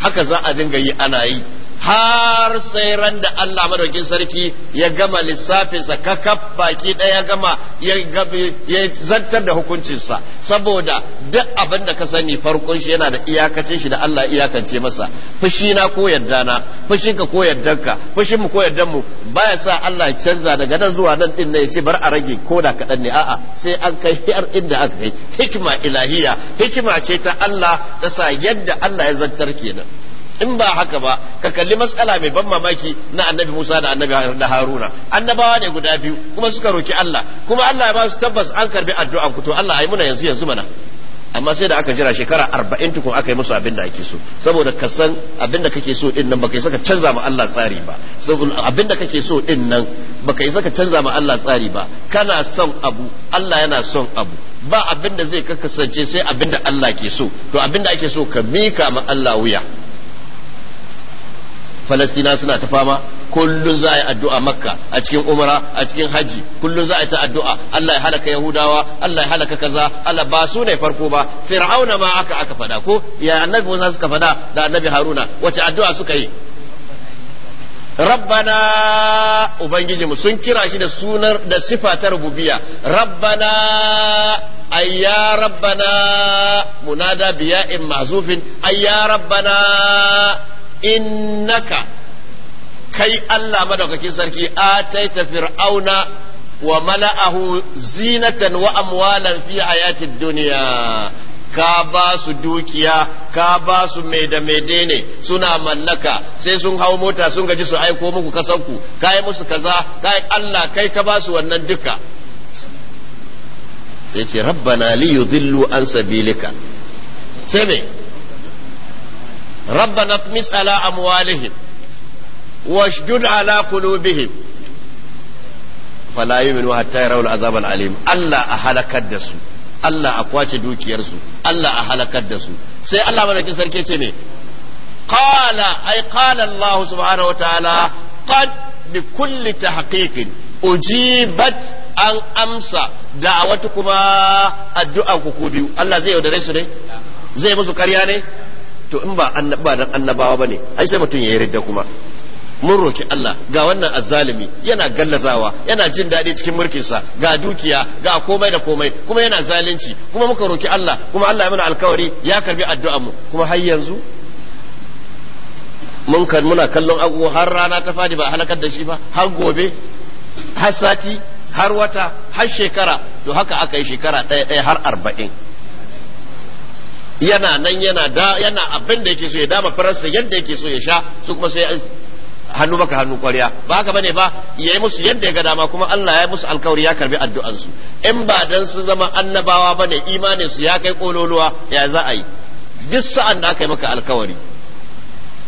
haka za a dinga yi ana yi har sai ran da Allah madaukin sarki ya gama lissafinsa kakaf baki ɗaya gama ya zantar da hukuncinsa saboda duk abin da ka sani farkon shi yana da iyakacin shi da Allah iyakance masa fushi na ko yadda na fushin ka ko yardan ka fushin mu ko yardan mu baya sa Allah ya canza daga nan zuwa nan din ne ya ce bar a rage ko da kaɗan ne a'a sai an kai har inda aka kai hikima ilahiya hikima ce ta Allah ta sa yadda Allah ya zantar kenan in ba haka ba ka kalli matsala mai ban mamaki na annabi Musa da annabi Haruna annabawa ne guda biyu kuma suka roki Allah kuma Allah ya ba su tabbas an karbi addu'an ku to Allah ayi muna yanzu yanzu mana amma sai da aka jira shekara arba'in tukun aka yi musu abin da ake so saboda ka san abin da kake so din nan baka isa ka canza ma Allah tsari ba saboda abin da kake so din nan baka isa ka canza ma Allah tsari ba kana son abu Allah yana son abu ba abin da zai kasance sai abin da Allah ke so to abin da ake so ka mika ma Allah wuya falastina suna ta fama kullun za a yi addu'a makka a cikin umara a cikin hajji kullum za a yi ta addu'a Allah ya halaka yahudawa Allah ya halaka kaza Allah ba su ne farko ba fir'auna ma aka aka fada ko ya annabi musa suka fada da annabi haruna wace addu'a suka yi rabbana ubangijinmu sun kira shi da sunar da sifa ta rububiya rabbana ayya rabbana munada biya'in mazufin ayya rabbana innaka kai Allah madaukakin sarki A ataita fir'auna wa mala'ahu zinatan wa amwalan fi hayatid duniya ka ba su dukiya ka ba su mai da ne suna mallaka sai sun hau mota sun gaji su aiko muku kasanku ka yi musu kaza kai Allah kai ka ba su wannan duka sai ce rabbana li yudillu an sabilika sai me ربنا اطمس على أموالهم واشدد على قلوبهم فلا يؤمنوا حتى يروا العذاب العليم الله أهلك الدسو Allah a kwace dukiyarsu Allah a halakar da su sai Allah madaukin sarki ce me qala ay qala Allah subhanahu wa ta'ala qad bi kulli tahqiqin ujibat an amsa Da a da'awatu kuma addu'a ku biyu Allah zai yaudare su ne zai musu karya ne to in ba annaba dan annabawa bane ai sai mutum yi ridda kuma mun roki Allah ga wannan azzalimi yana gallazawa yana jin daɗi cikin mulkin sa. ga dukiya ga komai da komai kuma yana zalunci kuma muka roki Allah kuma Allah ya mana alkawari ya karbi addu'ar mu kuma har yanzu mun kan muna kallon agogo har rana ta fadi ba halakar da shi ba har gobe har sati har wata har shekara to haka aka yi shekara ɗaya ɗaya har arba'in yana nan yana da yana abin da yake so ya dama faransa yadda yake so ya sha su kuma sai hannu maka hannu kwarya ba haka bane ba yayi musu yadda ya ga dama kuma Allah ya musu alkawari ya karbi addu'an su in ba dan su zama annabawa bane imanin su ya kai kololuwa ya za a yi duk sa'an da aka yi maka alkawari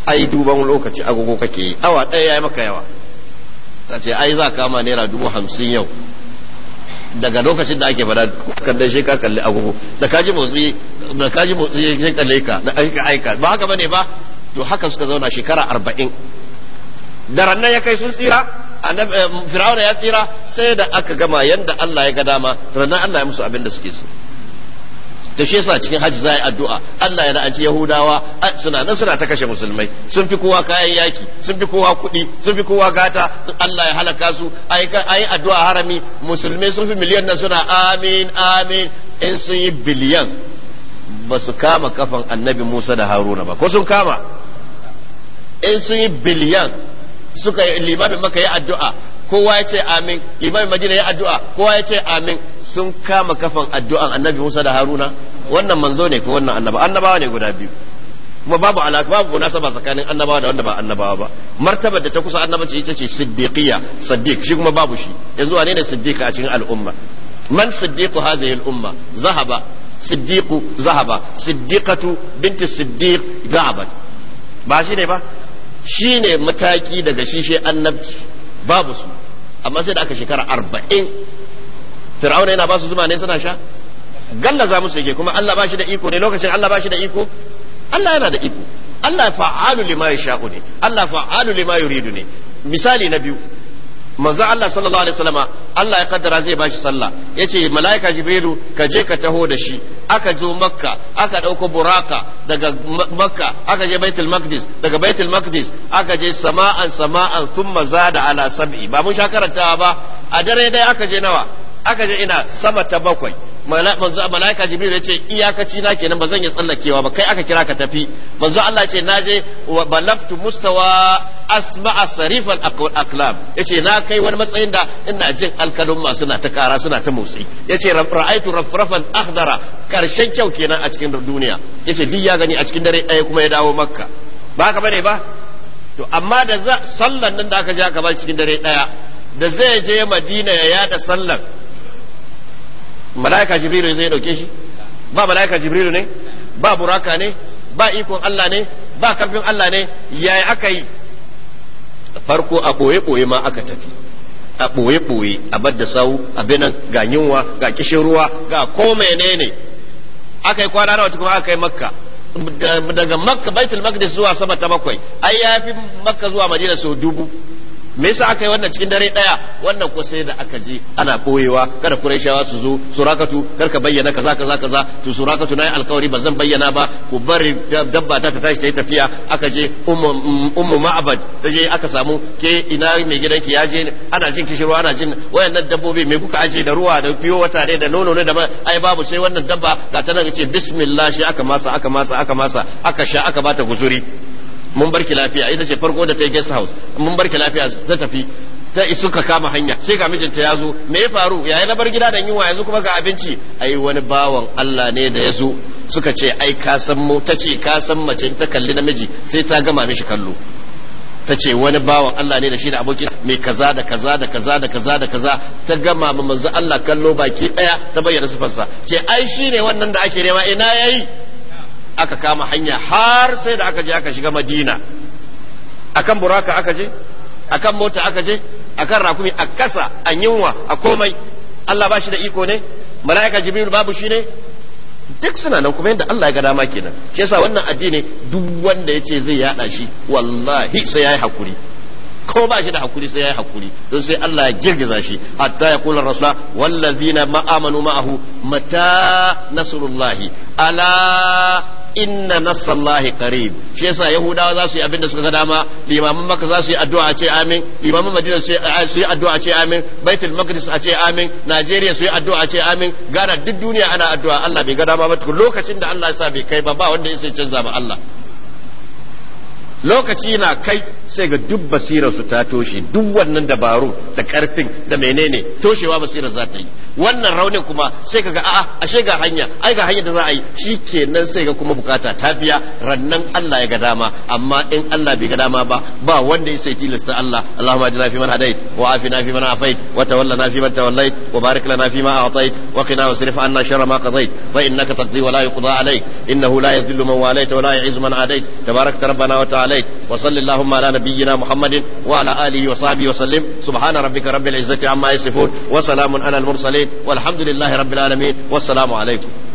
ai duban lokaci agogo kake yi awa ɗaya ya maka yawa ka ce ai za kama naira dubu hamsin yau daga lokacin da ake fada kan dai ka kalli agogo da kaji ji motsi da kaji motsi sai kalle ka da aika aika ba haka bane ba to haka suka zauna shekara arba'in daren nan ya kai sun tsira eh, fir'auna ya tsira sai da aka gama yadda Allah ya ga dama ranar Allah ya musu abin da suke so to shi yasa cikin hajji zai addu'a Allah ya la'anci Yahudawa suna nan suna ta kashe musulmai sun fi kowa kayan yaki sun fi kowa kuɗi sun fi kowa gata Allah ya halaka su yi addu'a harami musulmai sun fi miliyan nan suna amin amin in sun yi biliyan ba su kama kafan annabi Musa da Haruna ba ko sun kama in sun yi biliyan suka yi limamin maka yi addu'a kowa ya ce amin limamin madina ya addu'a kowa ya ce amin sun kama kafan addu'an annabi Musa da Haruna wannan manzo ne ko wannan annaba annabawa ne guda biyu kuma babu alaka babu munasaba tsakanin annabawa da wanda ba annabawa ba martabar da ta kusa annabaci ita ce siddiqiyya siddiq shi kuma babu shi yanzu wane ne siddiqa a cikin al'umma man siddiqu hadhihi al'umma zahaba siddiqu zahaba siddiqatu binti siddiq zahabat ba shi ne ba shi ne mataki daga shi annabci babu su amma sai da aka shekara arba'in fir'auna yana ba su zuma ne suna sha gallaza musu yake kuma Allah ba shi da iko ne lokacin Allah ba shi da iko Allah yana da iko Allah fa'alu lima yasha'u Allah fa'alu lima yuridu ne misali na biyu manzo Allah sallallahu alaihi wasallama Allah ya kaddara zai bashi sallah yace malaika jibrilu ka je ka taho da shi aka zo makka aka dauko buraka daga makka aka je baitul maqdis daga baitul maqdis aka je sama'an sama'an thumma zada ala sab'i ba mun sha karantawa ba a dare dai aka je nawa aka je ina sama ta bakwai manzo malaika jibril yace iyakaci na kenan ba zan yi tsallakewa ba kai aka kira ka tafi manzo Allah na je wa balabtu mustawa asma'a aqwal aqlam yace na kai wani matsayin da ina jin alkalun ma suna ta kara suna ta motsi yace ra'aitu rafrafan akhdara karshen kyau kenan a cikin duniya yace duk ya gani a cikin dare ɗaya kuma ya dawo makka ba haka bane ba to amma da sallan nan da aka ja aka ba cikin dare ɗaya da zai je madina ya yada sallan mala'ika jibrilu zai dauke shi ba mala'ika jibrilu ne ba buraka ne ba ikon Allah ne ba karfin Allah ne yaya aka yi farko a ɓoye-ɓoye ma aka tafi a ɓoye-ɓoye a bar da sawu a binan ga yunwa ga kishin ruwa ga ko menene aka yi kwana nawa kuma aka yi makka daga makka baitul maqdis zuwa sama ta bakwai ai ya fi makka zuwa madina sau dubu me yasa aka yi wannan cikin dare daya wannan ko sai da aka je ana koyewa kada kurayshawa su zo surakatu kar ka bayyana kaza kaza kaza to surakatu nayi alkawari ba zan bayyana ba ku bari dabba ta tashi ta yi tafiya aka je ummu ma'abad mm, ta je aka samu ke ina mai gidanki ya je ana jin kishirwa ana jin wayannan dabbobi me kuka aje da ruwa da fiyo wata ne da nono ne da ai babu sai wannan dabba ga ta nan ce bismillah shi aka masa aka masa aka masa aka sha aka bata guzuri mun bar ki lafiya ita ce farko da ta yi guest house mun barki lafiya ta tafi ta isu ka kama hanya sai ga mijinta ya zo me ya faru yayi na bar gida da yunwa yanzu kuma ga abinci ai wani bawan Allah ne da ya zo suka ce ai ka san mu ta ce ka san mace ta kalli namiji sai ta gama mishi kallo ta ce wani bawan Allah ne da shi da abokin mai kaza da kaza da kaza da kaza da kaza ta gama ma manzo Allah kallo baki daya ta bayyana sifarsa ce ai shine wannan da ake nema ina yayi aka kama hanya har sai da aka je aka shiga madina akan buraka aka je akan mota aka je akan rakumi a kasa a yunwa a komai Allah bashi da iko ne mala'ika jibril babu shi ne duk suna nan kuma yadda Allah ya ga dama kenan shi yasa wannan addini duk wanda yace zai yada shi wallahi sai yayi hakuri ko ba shi da hakuri sai yayi hakuri don sai Allah ya girgiza shi hatta ya kula rasula wallazina ma amanu ma'ahu mata nasrullahi ala inna nasallahi qarib shi yasa yahudawa za su yi abinda da suka ga dama limamin za su yi addu'a ce amin limamin madina su yi addu'a ce amin baitul maqdis a ce amin najeriya su yi addu'a ce amin gara duk duniya ana addu'a Allah bai ga dama ba lokacin da Allah ya sa bai kai ba ba wanda ya sai canza ma Allah lokaci na kai sai ga duk basirarsu ta toshe duk wannan dabaru da karfin da menene toshewa basirar za ta yi wannan raunin kuma sai ka ga a'a ashe ga hanya ai ga hanya da za a yi shi kenan sai ga kuma bukata ta biya rannan Allah ya ga dama amma in Allah bai ga dama ba ba wanda ya sai tilasta Allah Allahumma ajina fi man hadait wa afina fi man afait wa tawallana fi man tawallait wa barik lana fi ma a'tait wa qina wasrif anna sharra ma qadait fa innaka taqdi wa la yuqda alayk innahu la yadhillu man walayta wa la yu'izzu man adait tabarakta rabbana wa ta'ala عليك وصل اللهم على نبينا محمد وعلى آله وصحبه وسلم سبحان ربك رب العزة عما يصفون وسلام على المرسلين والحمد لله رب العالمين والسلام عليكم